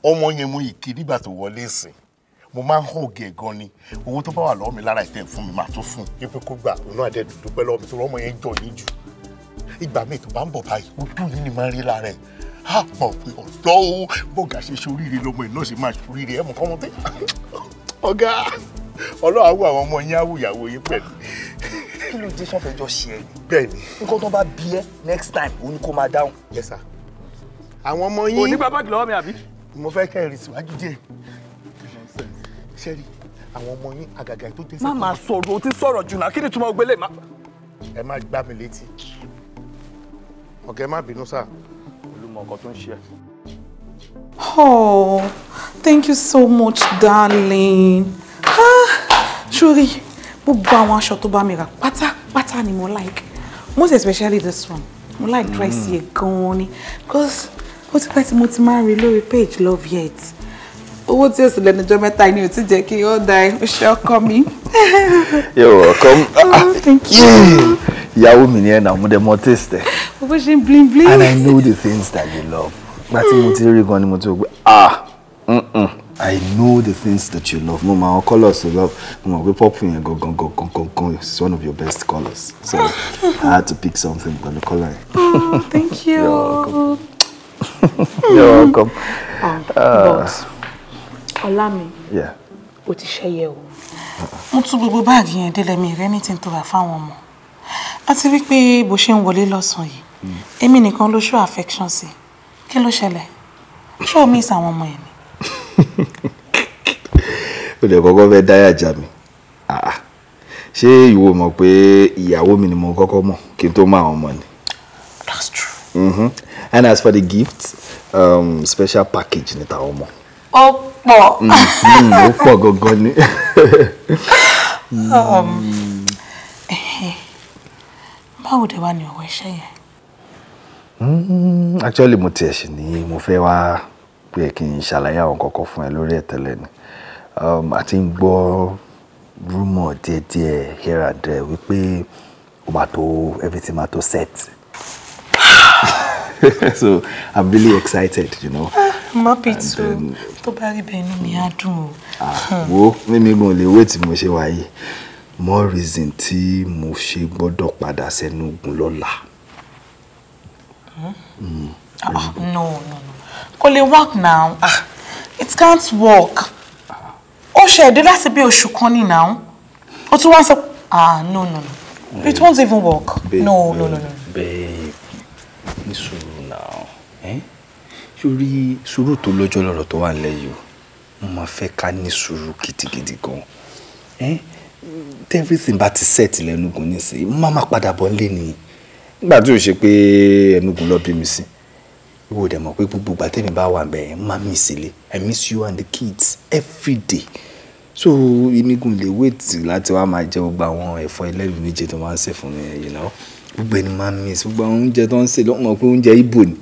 ọmọ yẹn mo ìkí nígbà tó wọlé sìn mo máa ń hàn ògì ẹ̀gan ni owó tó bá wà lọ́wọ́ mi lára ìtẹ́ fún mi máa tó fún un pé kó gbà òun náà dẹ̀ dúpẹ́ lọ́wọ́ mi tó rọ́mọ yẹn jọ yín jù ìgbà míì tó bá ń bọ̀ báyìí ó dùn yín ni máa ń rí lára ẹ̀ á mọ̀ pé ọ̀dọ́ o bọ̀gà ṣe ṣoríire lọ́mọ ẹ̀ náà ṣe máa ṣoríire ẹ̀ mọ̀ kọ́mọ pé ah, ọ̀gá ọlọ́run á wo àwọn ọmọ yín á wo ìyàwó yín pẹ̀lú. kí ló dé sọ́fẹ́ jọ ṣe ẹ́ ni. bẹ́ẹ̀ni. nǹkan tó bá bí ẹ next time òun ni kò máa dáhùn. yes sir. àwọn ọmọ yín. òní
bàbá kìlọ̀ mi àbí.
mo fẹ́ kẹ́ ẹ rìn síwájú díẹ̀. sẹ́rí àwọn ọmọ yín àgàgà tó dé.
má máa sọ̀rọ̀ o ti sọ̀rọ̀ jù náà kí ni túmọ̀ gbélé má.
ẹ má gbá mi létí. ọ̀gá ẹ má bínú sáà. olùmọ̀ ọkọ̀
tó ń ṣe.
Oh, thank you so much, darling ṣúrí gbogbo one shot, tó bá mi rà pátápátá ni mo like most especially this one mo like mm. dress yẹ gan-an ni because ó ti pẹ́ marry, mo page love yet What's your èsì lẹ́nu ọjọ́ tiny ni Jackie ti jẹ́ kí ó da ẹ ṣe
You're welcome.
Oh, ah, thank you.
ìyàwó mi ni ẹ nà múdẹ mọ taste ẹ.
owó bling bling. and I
know the things that you love. gba tí mo ti rí gan ah. Mm -mm. I know the things that you love. Mama, our colors you love. Mama, we pop in and go go go go go go. It's one of your best colors. So I had to pick something on the color.
Oh, thank you. You're
welcome. You're welcome.
Um, uh, but Olami. Yeah. What is she o. Uh-uh. Mo tún gbogbo báàgì yẹn délẹ̀ mi rẹ́ anything to n tó rà fáwọn ọmọ. A ti rí pé bó ṣe ń wọlé lọ́sàn-án hmm. show affection sí. Kí ló ṣẹlẹ̀? Show miss àwọn ọmọ yẹn
o lè kọ́kọ́ fẹ́ dáyà já mi ah, ṣé ìwọ mọ̀ pé ìyàwó mi ni mo kọ́kọ́ mọ̀ kí n tó mọ àwọn ọmọ ni. that's true. Mm-hmm. and as for the gift um, special package ni tàwọn ọmọ.
ó pọ̀. Mm-hmm, ó pọ̀
gangan ni. Um,
báwo dé wá ní ọwọ́ iṣẹ́ yẹn.
Mm, actually mo tiẹ̀ ṣì ní mo fẹ́ wá. Wa pé kí n ṣàlàyé àwọn kọ̀ọ̀kan fún ẹ lórí ẹ̀ tẹ́lẹ̀ ni àti um, ń gbọ́ rúmọ̀ díẹ̀díẹ̀ here and there wípé ó máa tó everything máa tó set so I'm really excited you know.
Ah, mọ́pì tó tó bá rí bẹ́ẹ̀ inú mi á dùn o. Ah,
wo mímí gan lè wé tí mo ṣe wáyé more reason tí mo ṣe gbọ́dọ̀ padà sẹ́nu ogun lọ́la.
Hmm?
Ah, hmm. no no no kò work now ah it can't work ó ṣe èdè láti bí oṣù kan ní now ó tún wá sọ ah no no no mm. it won't even work no no no no. babe
ní sùúrù now sórí Suru tó lọ́jọ́ lọ́rọ̀ tó wà nílẹ̀ yìí o mo máa fẹ́ ká ní sùúrù gidigidi gan everything bá ti set lẹ́nugun nísìnyí má má padà bọ́ nílé nìyí nígbà tí o ṣe pé ẹnugun lọ bí mi sí wo dẹ̀ mọ̀ pé gbogbo ìgbà tẹ́mi bá wà bẹ́ẹ̀ má mi sílẹ̀ i miss you and the kids every day so imigun lè wait láti wá máa jẹ gbogbo àwọn ẹ̀fọ́ ẹlẹ́rìí méje tó máa ń sè fún mi you know gbogbo ẹni máa miss gbogbo àwọn oúnjẹ tó ń sè lọ́kàn pé oúnjẹ ibo ni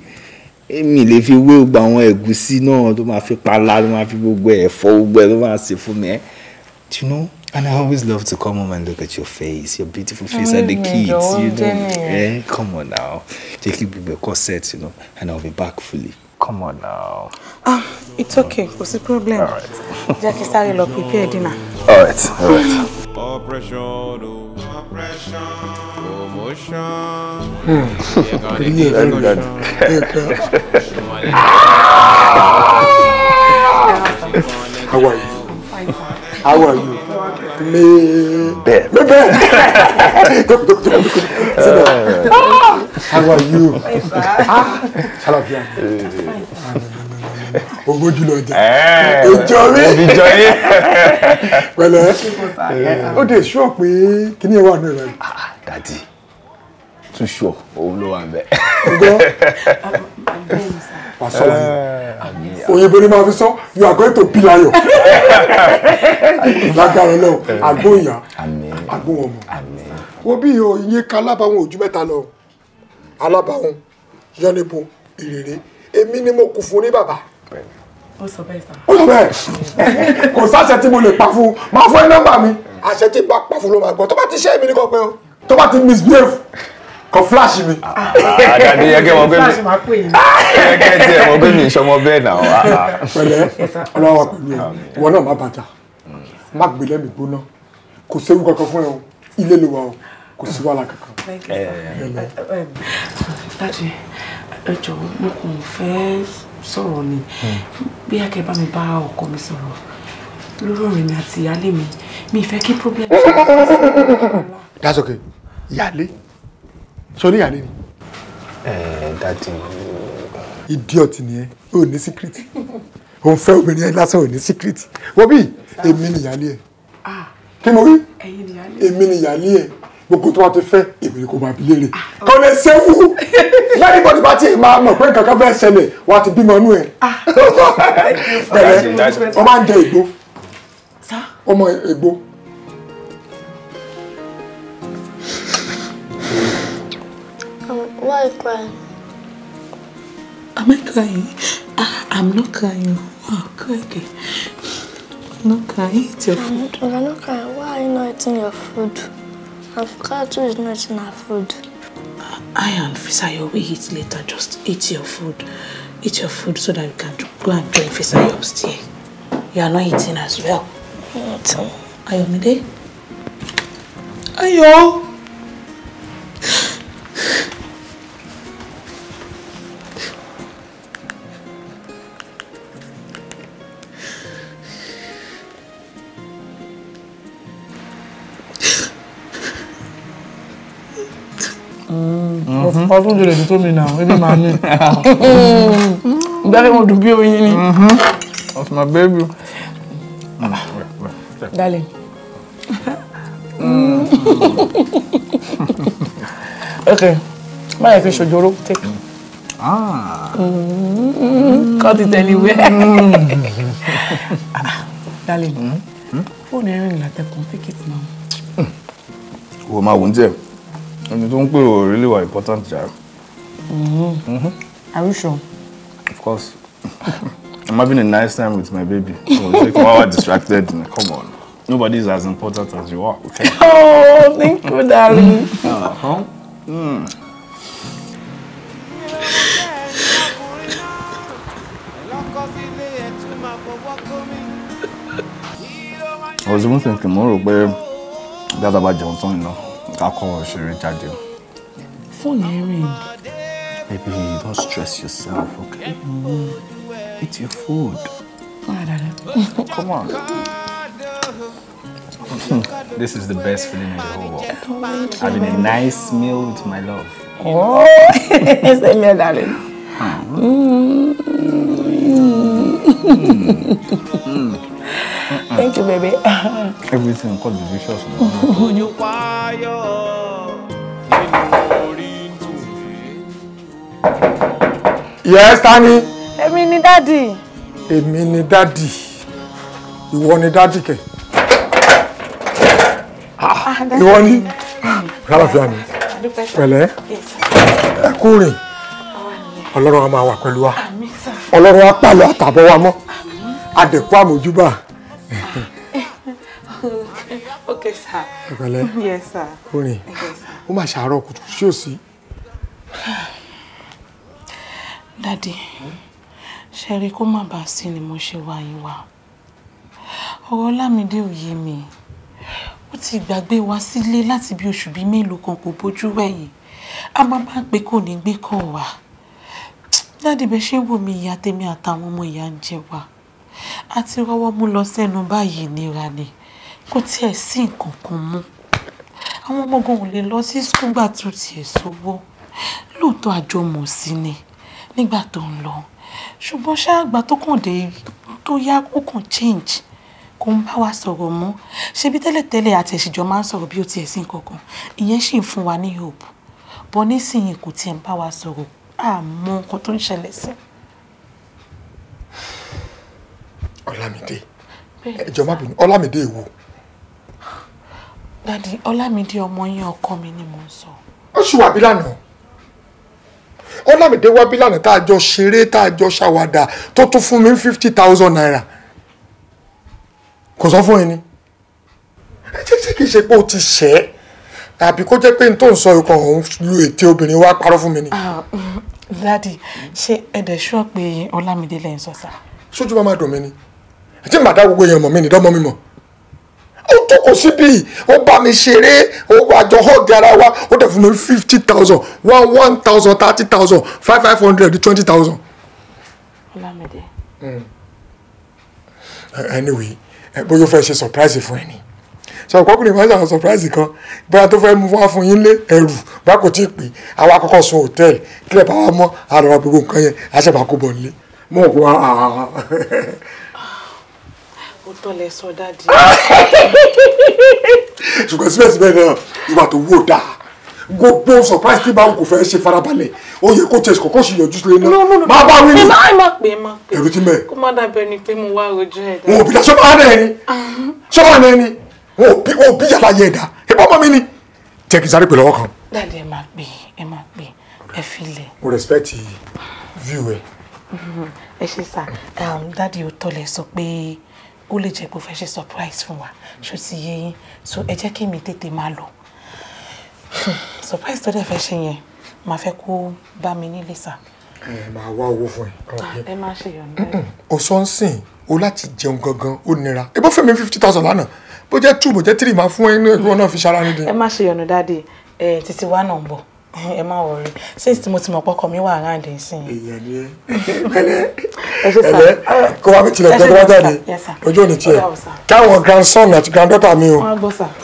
èmi lè fi wé gbogbo àwọn ẹ̀gúsí náà tó máa fi pala tó máa fi gbogbo ẹ̀fọ́ gbogbo ẹ̀ tó máa sè fún mi ẹ́ Do you know? And I always love to come home and look at your face, your beautiful face, and the mm, kids. You know, eh? Come on now, take it with corset, you know, and I'll be back fully.
Come on now.
Ah, it's okay. What's the problem? All right. Jackie, start look, prepare dinner.
All right, all right. Operation, oh, operation, promotion. Hmm.
How are you? Fine how are you me bad. me bẹ́ẹ̀ how are you Ah. Hello, ṣàlàfíà eh. ogójì lọ jẹ ìjọ rí ìjọ rí pẹ̀lẹ́ eh. ó dé sọ pé kíní ẹ wà ní ìrẹ̀lẹ̀. Ah, dadi
tún sọ òun ló wà ń bẹ.
wà sọ wọn òyìnbó ni máa fi sọ you are going to be lion lágbára lọ àgbo ìyá àgbo ọmọ wo bí o ìyẹn ka alábàáwọn ojú mẹ́ta lọ alábàáwọn yánnibó ìrèrè èmi ni mo kù fún ní bàbá ó sọ bẹ́ẹ̀ kò sáṣẹ tí mo lè pa fún máa fún ẹ nọ́mbà mi àṣẹ tí bá pa fún ló máa gbọ́ tó bá ti ṣe èmi ní kọ́ pé o tó bá ti misbehave kọ flash mi. àdàdé ẹgẹ mọ pé mi tí ẹ mọ pé mi ìṣọmọ nà ọ. pẹ̀lẹ́ Ọlọ́run wa pẹ̀lú ẹ ìwọ náà má bàjá má gbélé mi gbóná kò séwu kankan fún ẹ o ilé ló wà o kò sí wàhálà kankan. Eh. Eh, dájú
ẹ jọ̀wọ́ mo kàn fẹ́ sọ̀rọ̀ ni bí akẹ́ bá mi bá ọkọ mi sọ̀rọ̀ lórí ọ̀rẹ́ mi àti ìyáálé mi mi ìfẹ́ kí problem.
that's okay ìyáálé. Yeah, sórí ìyá lẹ́ni. ẹ ẹ dadi. idiot ni ẹ ò ní secret òun fẹ́ obìnrin ẹ lásán ò ní secret wọ́n bí èmi nìyálé ẹ ah. kí ni wí èmi nìyálé ẹ gbogbo tó bá ti fẹ́ èmi kò máa bi léèrè ah, kò lè ṣẹ́wù lẹ́yìn bọ́dí bá ti máa mọ̀ pé nǹkan kan fẹ́ ṣẹlẹ̀ wà á ti bímọ inú ẹ̀ ah.
bẹ̀rẹ̀ wọ́n máa
ń jẹ ìgbó ọmọ ìgbó.
Why are you crying?
Am I
crying? I, ah, I'm not crying. Oh, ah, okay. I'm not crying. Eat your food.
You're not crying. Why are you not eating your food? Avocado is not eating
her food. I and Fisayo will eat later. Just eat your food. Eat your food so that you can go and join Fisayo upstairs. You are not eating as well. Eating. Mm-hmm. Ayomide? Ayo!
ọdún jòlè tó mi nà ebi máa ní
dálé mo dùn bí oyin ni. that's my baby.
dálé. ok báyọ̀ fi ṣòjòrò take. kọ́ ti tẹ̀lé ìwé. dálé hmm? hmm? fóònù ẹ̀rìn ìlàtẹ̀kùn pick it now. Hmm.
wo máa wò ń ẹni tó ń pè ò really wà important jà.
Mm-hmm. Mm-hmm. are you sure.
of course i'm having a nice time with my baby so it's like one hour distracted come on nobody is as important as you are. Okay?
oh thank you darling. Uh
uh-huh. -huh. mm. I was even thinking more about that about Johnson, you know akọ òṣèré jáde o.
fóònù ẹ rìn.
baby don't stress yourself okay
mm mm-hmm. eat your food. come on.
this is the best feeling in the whole world. Oh, Having a nice meal with my love. Oh,
same here, darling. Mm.
Mm. Mm. Thank you, baby.
Everything called delicious
láyọ̀ nínú orí dùn mí. Yes, Tani.
Èmi ni dádì.
Èmi ni dádì. Ìwọ ni dádì kẹ̀.
Ah, ah, ìwọ ni. Rálàfíà ni. Pẹ̀lẹ́. Ẹ kú rìn.
Ọlọ́run á máa wà pẹ̀lú wa. Ọlọ́run á pàlọ́ àtàbọ̀ wa mọ́. Adẹ̀kú àmójúbà
okay sir. yes sir. orin
Yes, sir. ṣàárọ̀ sharo sí si.
Daddy, Sherry, rí kó má bàa sí ni mo ṣe wá yín wá ọ̀rọ̀ Ọlámídé ò yé mi ó ti gbàgbé wa sílé láti bí oṣù bíi mélòó kan kò bójú wẹ̀yìn a máa bá pé kò ní gbé kàn wá dáàdì bẹ ṣe ń wò mí ìyá tèmi àtàwọn ọmọ ìyá ń jẹ wá a ti kò tiẹ̀ sí nǹkan kan mú àwọn ọmọ gan ò lè lọ sí skul gbà tó tiẹ̀ sówó lóòótọ́ àjọmọ̀ sí ni nígbà tó ń lọ ṣùgbọ́n ṣáàgbà tó kàn dé tó yá ó kàn change kò ń bá wa sọ̀rọ̀ mọ́ ṣebí tẹ́lẹ̀tẹ́lẹ̀ àtẹ̀síjọ́ máa ń sọ̀rọ̀ bí ó tiẹ̀ sí nǹkan kan ìyẹn sì ń fún wa ní hope bọ́ nísìnyí kò tiẹ̀ ń bá wa sọ̀rọ̀ àmọ́ nǹkan tó ń ṣẹlẹ̀ sí.
Ọlámídé ẹjọ má bínú Ọlámídé èwo
dadi ọlámídé ọmọ yín ọkọ mi ni mò ń sọ.
ó ṣì wà bí lánàá ọlámídé wá bí lánàá tá a jọ ṣeré tá a jọ ṣàwàdà tó tún fún mi fifty thousand naira kò sọ fún ẹni ẹ jẹ́ ṣé kìí ṣe pé o ti ṣẹ́ ẹ́ àbí kó jẹ́ pé n tó ń sọ ikọ̀ òun lu ète obìnrin wá parọ́ fún mi ni. Ah,
dadi ṣé ẹ̀dẹ̀ ṣọ́ pé ọlámídé lẹ́yìn sọ́sà.
sójú máa ma dùn mí ni àti màdá gbogbo èèyàn mọ̀ mí ni dọ́mọ mi mọ̀ ó jókòó síbí ó bá mi ṣeré ó àjọ hug ara wa ó dẹ̀ fún mi fifty thousand one one thousand thirty thousand five five hundred twenty thousand. Olamide. Hmm. anyway bóyá o fẹ́ ṣe surprise fún ẹ ni ṣàkọkùnrin máa ń ṣàwọn surprise kan bóyá tó fẹ́ mú wá fún yín lé ẹrù bá kò tí ì pé àwa àkọ́kọ́ sun hòtẹ́ẹ̀lì kílẹ̀ bá wa mọ́ àrùn àgbègbè nǹkan yẹn àṣẹ̀bà kó bọ̀ nílé. mo kò
òótọ́ lẹ sọ dáàdì.
ṣùgbọ́n síbẹ̀síbẹ̀ náà ìwà tó wò dáa gbogbo surprise tí báwo kò fẹ́ ṣe farabalẹ̀ ó yẹ kó tẹ̀sí kọ́kọ́ sì yọjú sílé náà má bá wí ni ẹ̀rù ti mẹ́.
kó má dàbẹ̀ ni pé mo wá rojú ẹ̀dá. wọn ò bí sọ́kọ́ àná ẹni
sọ́kọ́ àná ẹni wọn ò bí yàrá yẹ ẹ̀dá ìbọn mọ́ mi ni. jẹ́ kí sáré pẹ̀lú ọkàn.
dáàdi ẹ máa gbé ẹ máa gbé ẹ filẹ̀.
mo respect view ẹ.
ẹ ṣe sá um, dáàdi ò tọ́lẹ̀ sọ pé ó lè jẹ́ pé ó fẹ́ ṣe surprise fún wa ṣó ti yé yín so ẹ jẹ́ kí mi tètè máa lọ hmm, surprise tó dẹ̀ fẹ́ ṣe yẹn màá fẹ́ kó bá mi nílé sà.
ẹ máa wá owó fún ẹ. Ah,
ẹ máa ṣe yọ̀nù
bẹ́ẹ̀. ọ̀sán sìn o láti jẹun gangan ó nira ẹ bó fẹ́ mi fifty thousand lánàá bó jẹ́ two bó jẹ́ three máa fún ẹ ní ẹgbẹ́ náà fi ṣara nídìí. ẹ má ṣe yọ̀nù dáadé títí wa
náà ń bọ̀ ẹ má wọrí since mo ti mọ̀ pọ́kọ mi wà around ẹ̀ sìn. èèyàn ni ẹ pẹ̀lẹ́ ẹlẹ kó wá tilẹ̀ tẹ́ wá jáde ojú òní tiẹ̀
káwọn grandson àti granddaughter mi o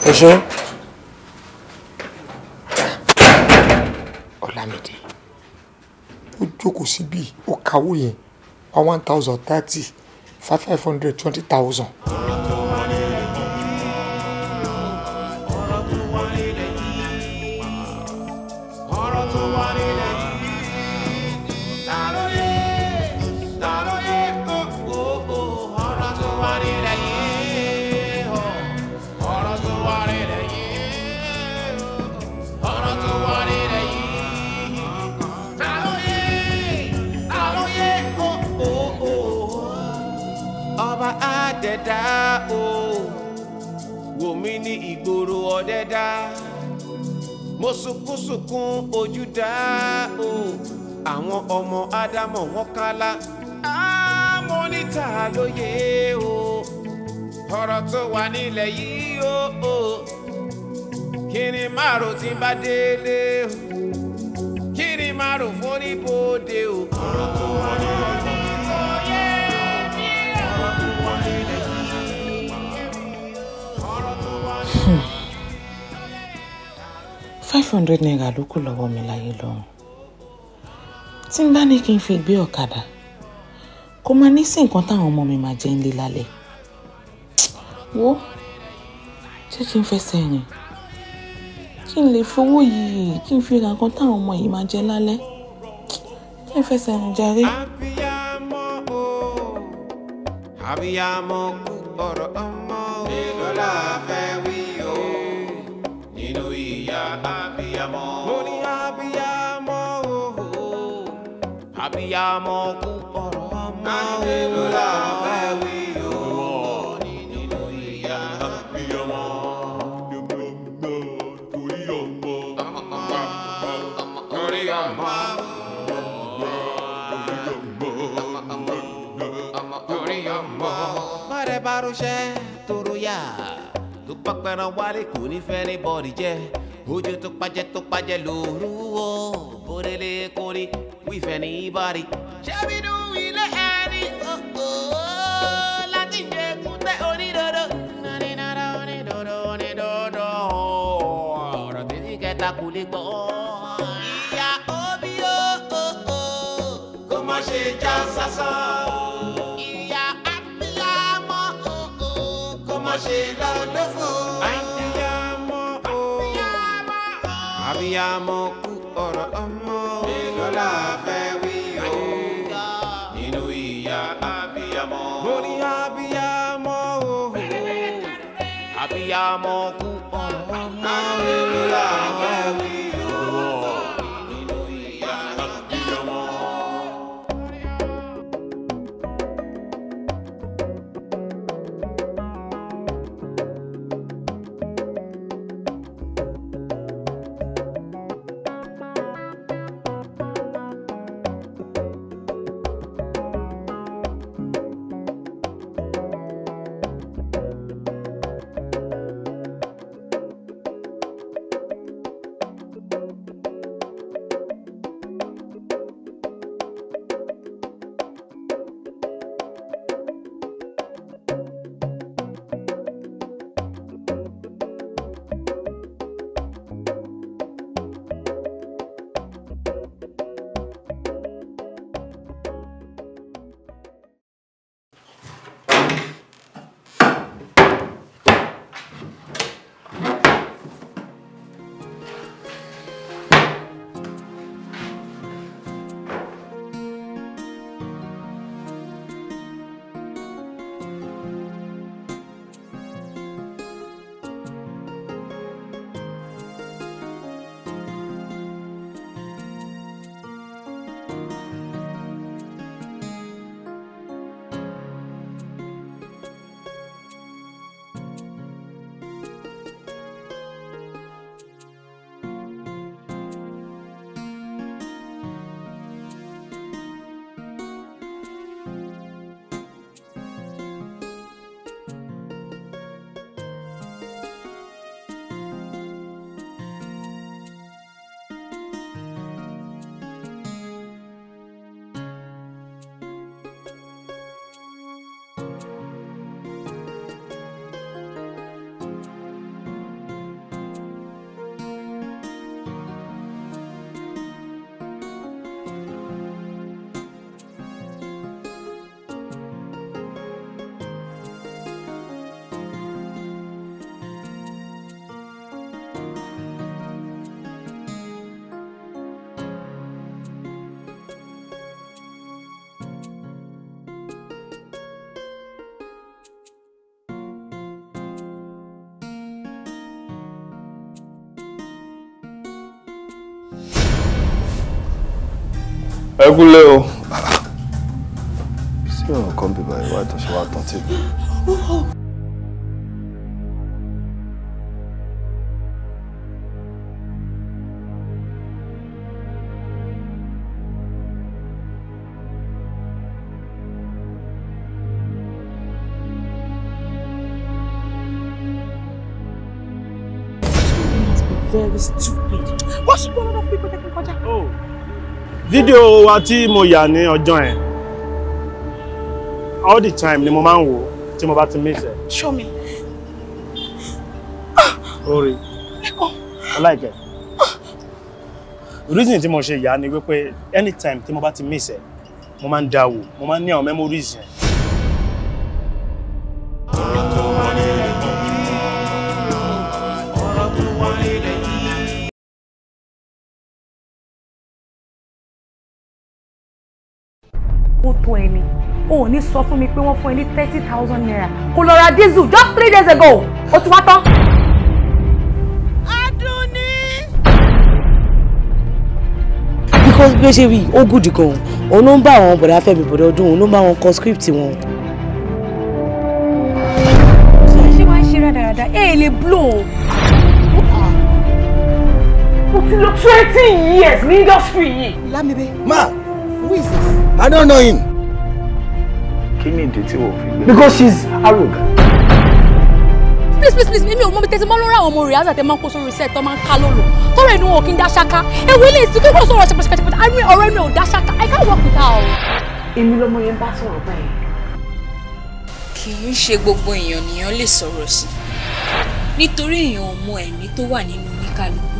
ẹ ṣe. Ọlámídé ó jókòó síbí ó kàwé yẹn one thousand thirty five hundred twenty thousand.
ọ̀dẹ́dá o wò mí ní ìgboro ọ̀dẹ́dá mo sunkún ojú dá o àwọn ọmọ ádámọ̀ wọn kálá àmọ́ níta lóye o ọ̀rọ̀ tó wà nílẹ̀ yìí o o kí ni márùn tí bá délé o kí ni márùn fún níbodè o ọ̀rọ̀ tó wà nílẹ̀.
five hundred naira ló kù lọ́wọ́ mi láyé lọ́run tí n bá ní kí n fi gbé ọ̀kadà kó máa ní sí nǹkan táwọn ọmọ mi máa jẹ ń lé lálẹ́ wo jẹ́ kí n fẹsẹ̀ rìn kí n lè fowó yìí kí n fi ra nǹkan táwọn ọmọ yìí máa jẹ lálẹ́ kí n fẹsẹ̀ rìn jàre.
àbíyamọ kú ọ̀rọ̀ ọmọ èlò làá fẹ́. abiyamọ.
mo ní abiyamọ o abiyamọ kú ọ̀rọ̀ ọmọ o. àdìlú la fẹ́ wí o nínú ìyá abiyamọ. torí ọmọ torí ọmọ.
torí ọmọ. mọ̀rẹ́ bá tó rú yá tó bá wálé kò ní fẹ́ ní bọ́ọ̀dì jẹ́ ojú tó pàjẹ́ tó pàjẹ́ lóru o bòrèlè kórè wífẹ̀ ní ìbárí. ṣẹ́bínú ilé
ẹni ooo láti dodo kúntẹ́ onídodo nínara onídodo onídodo ọ̀rọ̀ títí kẹta kò lè gbọ́. ìyá òbí ooo kó má ṣe já sásán. ìyá àbíyá mọ́ ooo kó má ṣe lọ́dọ̀ fún.
ìyá mọ kú ọ̀rọ̀ ọmọ èlò láfẹ́ wí o nínú ìyá abiyamọ.
mo ní abiyamọ o abiyamọ kú ọ̀rọ̀ ọmọ èlò láfẹ́.
ẹ o sí ọ̀rọ̀ kan bíbá ìwà ìtọ́sí wa tán tèmi.
Very stupid. What's going on with people taking contact?
Oh fídíò wa tí mo yà ní ọjọ́ yẹn all the time ni mo máa ń wò tí mo bá ti miss ẹ. show me. orí ọláìkẹ reason tí mo ṣe yà ni wípé anytime tí mo bá ti miss ẹ mo máa ń dáwò mo máa ń ní àwọn memories yẹn
yìí sọ fún mi pé wọ́n fún ẹ ní thirty thousand naira
kò lọ ra diesel just three days ago ó ti wá tán. Adúnní.
because bí ó ṣe wí ó gùdì gan-an òun ló ń bá àwọn bọ̀dá fẹ́mi bọ̀dá ọdún òun ló ń bá wọn kọ script wọn. ṣé wàá ṣe rádaràda ẹ lè blow o ti lò
twenty years ní industry
yìí. lámìbẹ́. ma who is this.
i don't know him kí ìdí tí wò fi gbé. because she's arrogant.
please please please èmi ò mọ mi tẹsí mọ́ lórí àwọn ọmọ rẹ̀ àti àtẹ̀mọ́ kó sórí iṣẹ́ tó máa ń ká lóru tọ́rọ̀ ẹnu wọn kì í dá ṣáká ewu ilé ìsìn kókó sọ̀rọ̀ ṣẹpẹṣẹpẹṣẹpẹ àmì ọ̀rọ̀ ẹnu ò dá ṣáká I can't work with her. èmi lọmọ yẹn bá sọ̀rọ̀ báyìí. kì í ṣe gbogbo èèyàn nìyẹn lè sọ̀rọ̀ sí nítorí èèyàn ò mọ ẹ̀mí tó wà nínú oníkálukú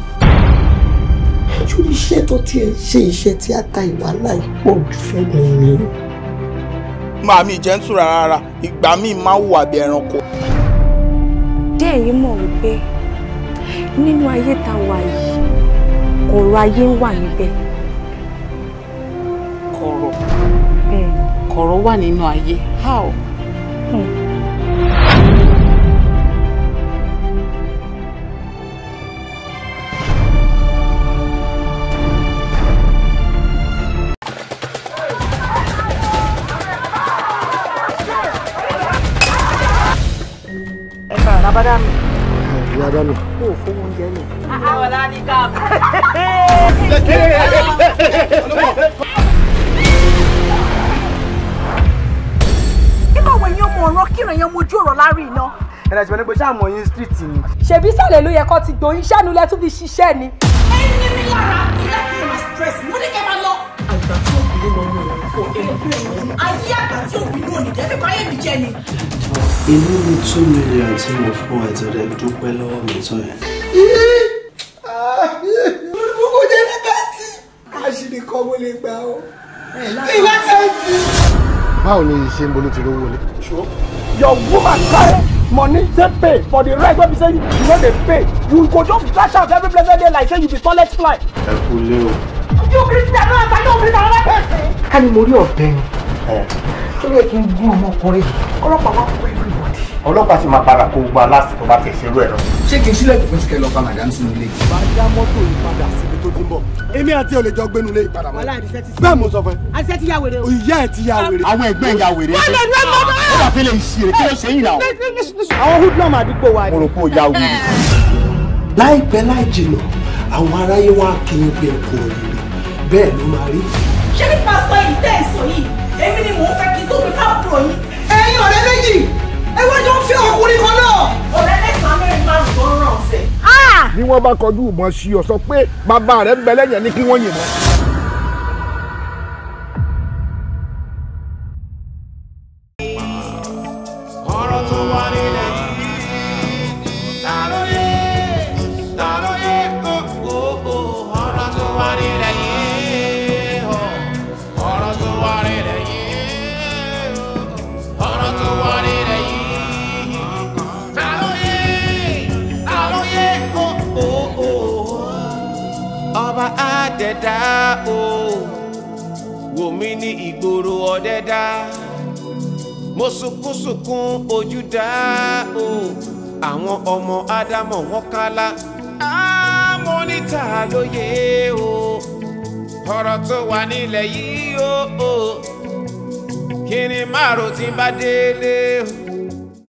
ojú iṣẹ́ tó tiẹ̀ ṣe iṣẹ́ tíátà ìwàhálà ìpọ̀ jù fẹ́ mi ni
máa mi jẹ́ ń tura rárá ìgbà míì máa wù àbí ẹranko.
díẹ̀ yìí mọ̀ wípé nínú ayé tá a wà yìí kọ̀rọ̀ ayé ń wà níbẹ̀. kọ̀rọ̀ hmm. kọ̀rọ̀ wà nínú ayé how. Hmm.
ẹ kà
rábádà mi. rábádà mi. kó o fowó oúnjẹ lè. ọ̀la ni ká.
kíkọ̀ wẹ̀ yín ọmọ ọ̀rọ̀ kíran yín ọmọ ojú ọ̀rọ̀ láàrin iná ẹ̀rọ ìṣẹ̀lẹ̀ pé ṣáà yín street ni. ṣèbí sàlẹ̀ ló yẹ kó ti gbòyìn ṣẹ́nu lẹ tún fi ṣiṣẹ́ ni. ẹni mi lára ilé máa stress mo ní kẹ́ máa lọ. àgbà tó kù ló lọ ayé àgbà tí obìnrin ò ní dẹ́fẹ́ báyé mi jẹ ni.
inú mi two million tí mo
fún ẹ tẹ́lẹ̀ dúpẹ́ lọ́wọ́ mi tán yẹn. olùkókò jẹ́ ní bẹ́ẹ̀tì àṣírí kan mo lè gbà ó ìwé bẹ́ẹ̀tì.
báwo ni ìṣe
ń bolú ti rówó ni.
your woman carry money take pay
for the rest wey be say you no dey pay you go just dash out every blessed day like say you be toilet fly.
ẹ kú lé o
yóò kiri sí àná àtà yóò kiri sàrọ̀ lápẹ̀ sí. ká ní mo rí ọ̀bẹ ni tó yẹ kí n gún ọmọkùnrin ọlọ́pàá wá fún everybody.
ọlọ́pàá sì máa para kó gba lásìkò bá tẹ̀ ṣerú ẹ̀
lọ. ṣé kì í sílẹ̀ kò sí kẹ́ lọ́ọ́ bá màdàm sínú ilé. máa dá mọ́tò ìpadà síbi tó ti ń bọ̀. èmi àti olè jọ gbénu lé ìpadà mọ́. bẹ́ẹ̀ mo sọ fún ẹ. àṣẹ ti ya wèrè o. ìyá ẹ ti ya wèrè. àwọn ẹgbẹ́ ìyá wèrè. wọ́n lè rẹ́ mọ́tò. ó dà fẹ́lẹ̀ ìṣirè kí ló ṣe yìí náà. àwọn hoodlum àdúgbò wa ni. mo rò pé ó ya wèrè. láìpẹ́ láì jìnnà àwọn aráyé wa kì í gbé ọkọ̀ bẹ́ẹ̀ ló máa rí.
ṣé ní pásítọ̀ yìí tẹ̀ sọ yìí èmi ni mò ń fẹ́ kí n tó gbé fáàpùrọ̀ yín. ẹ̀yin ọ̀rẹ́ méjì ẹwájú ń fi ọkùnrin kan náà. ọ̀rẹ́ mẹ́ta mẹ́rin márùn-ún tó ń ràn
ah! bí wọ́n bá kọjú ìbọn sí ọ sọ pé bàbá rẹ̀ ń bẹ lẹ́yìn ní kí wọ́n yìnbọn.
òrò ọ̀dẹ́ dá mo sunkún sunkún ojú dá o àwọn ọmọ ádámọ̀ wọn kálá àmọ́ níta lóye o ọ̀rọ̀ tó wà nílẹ̀ yìí o kí ni márùn tí bá délé o.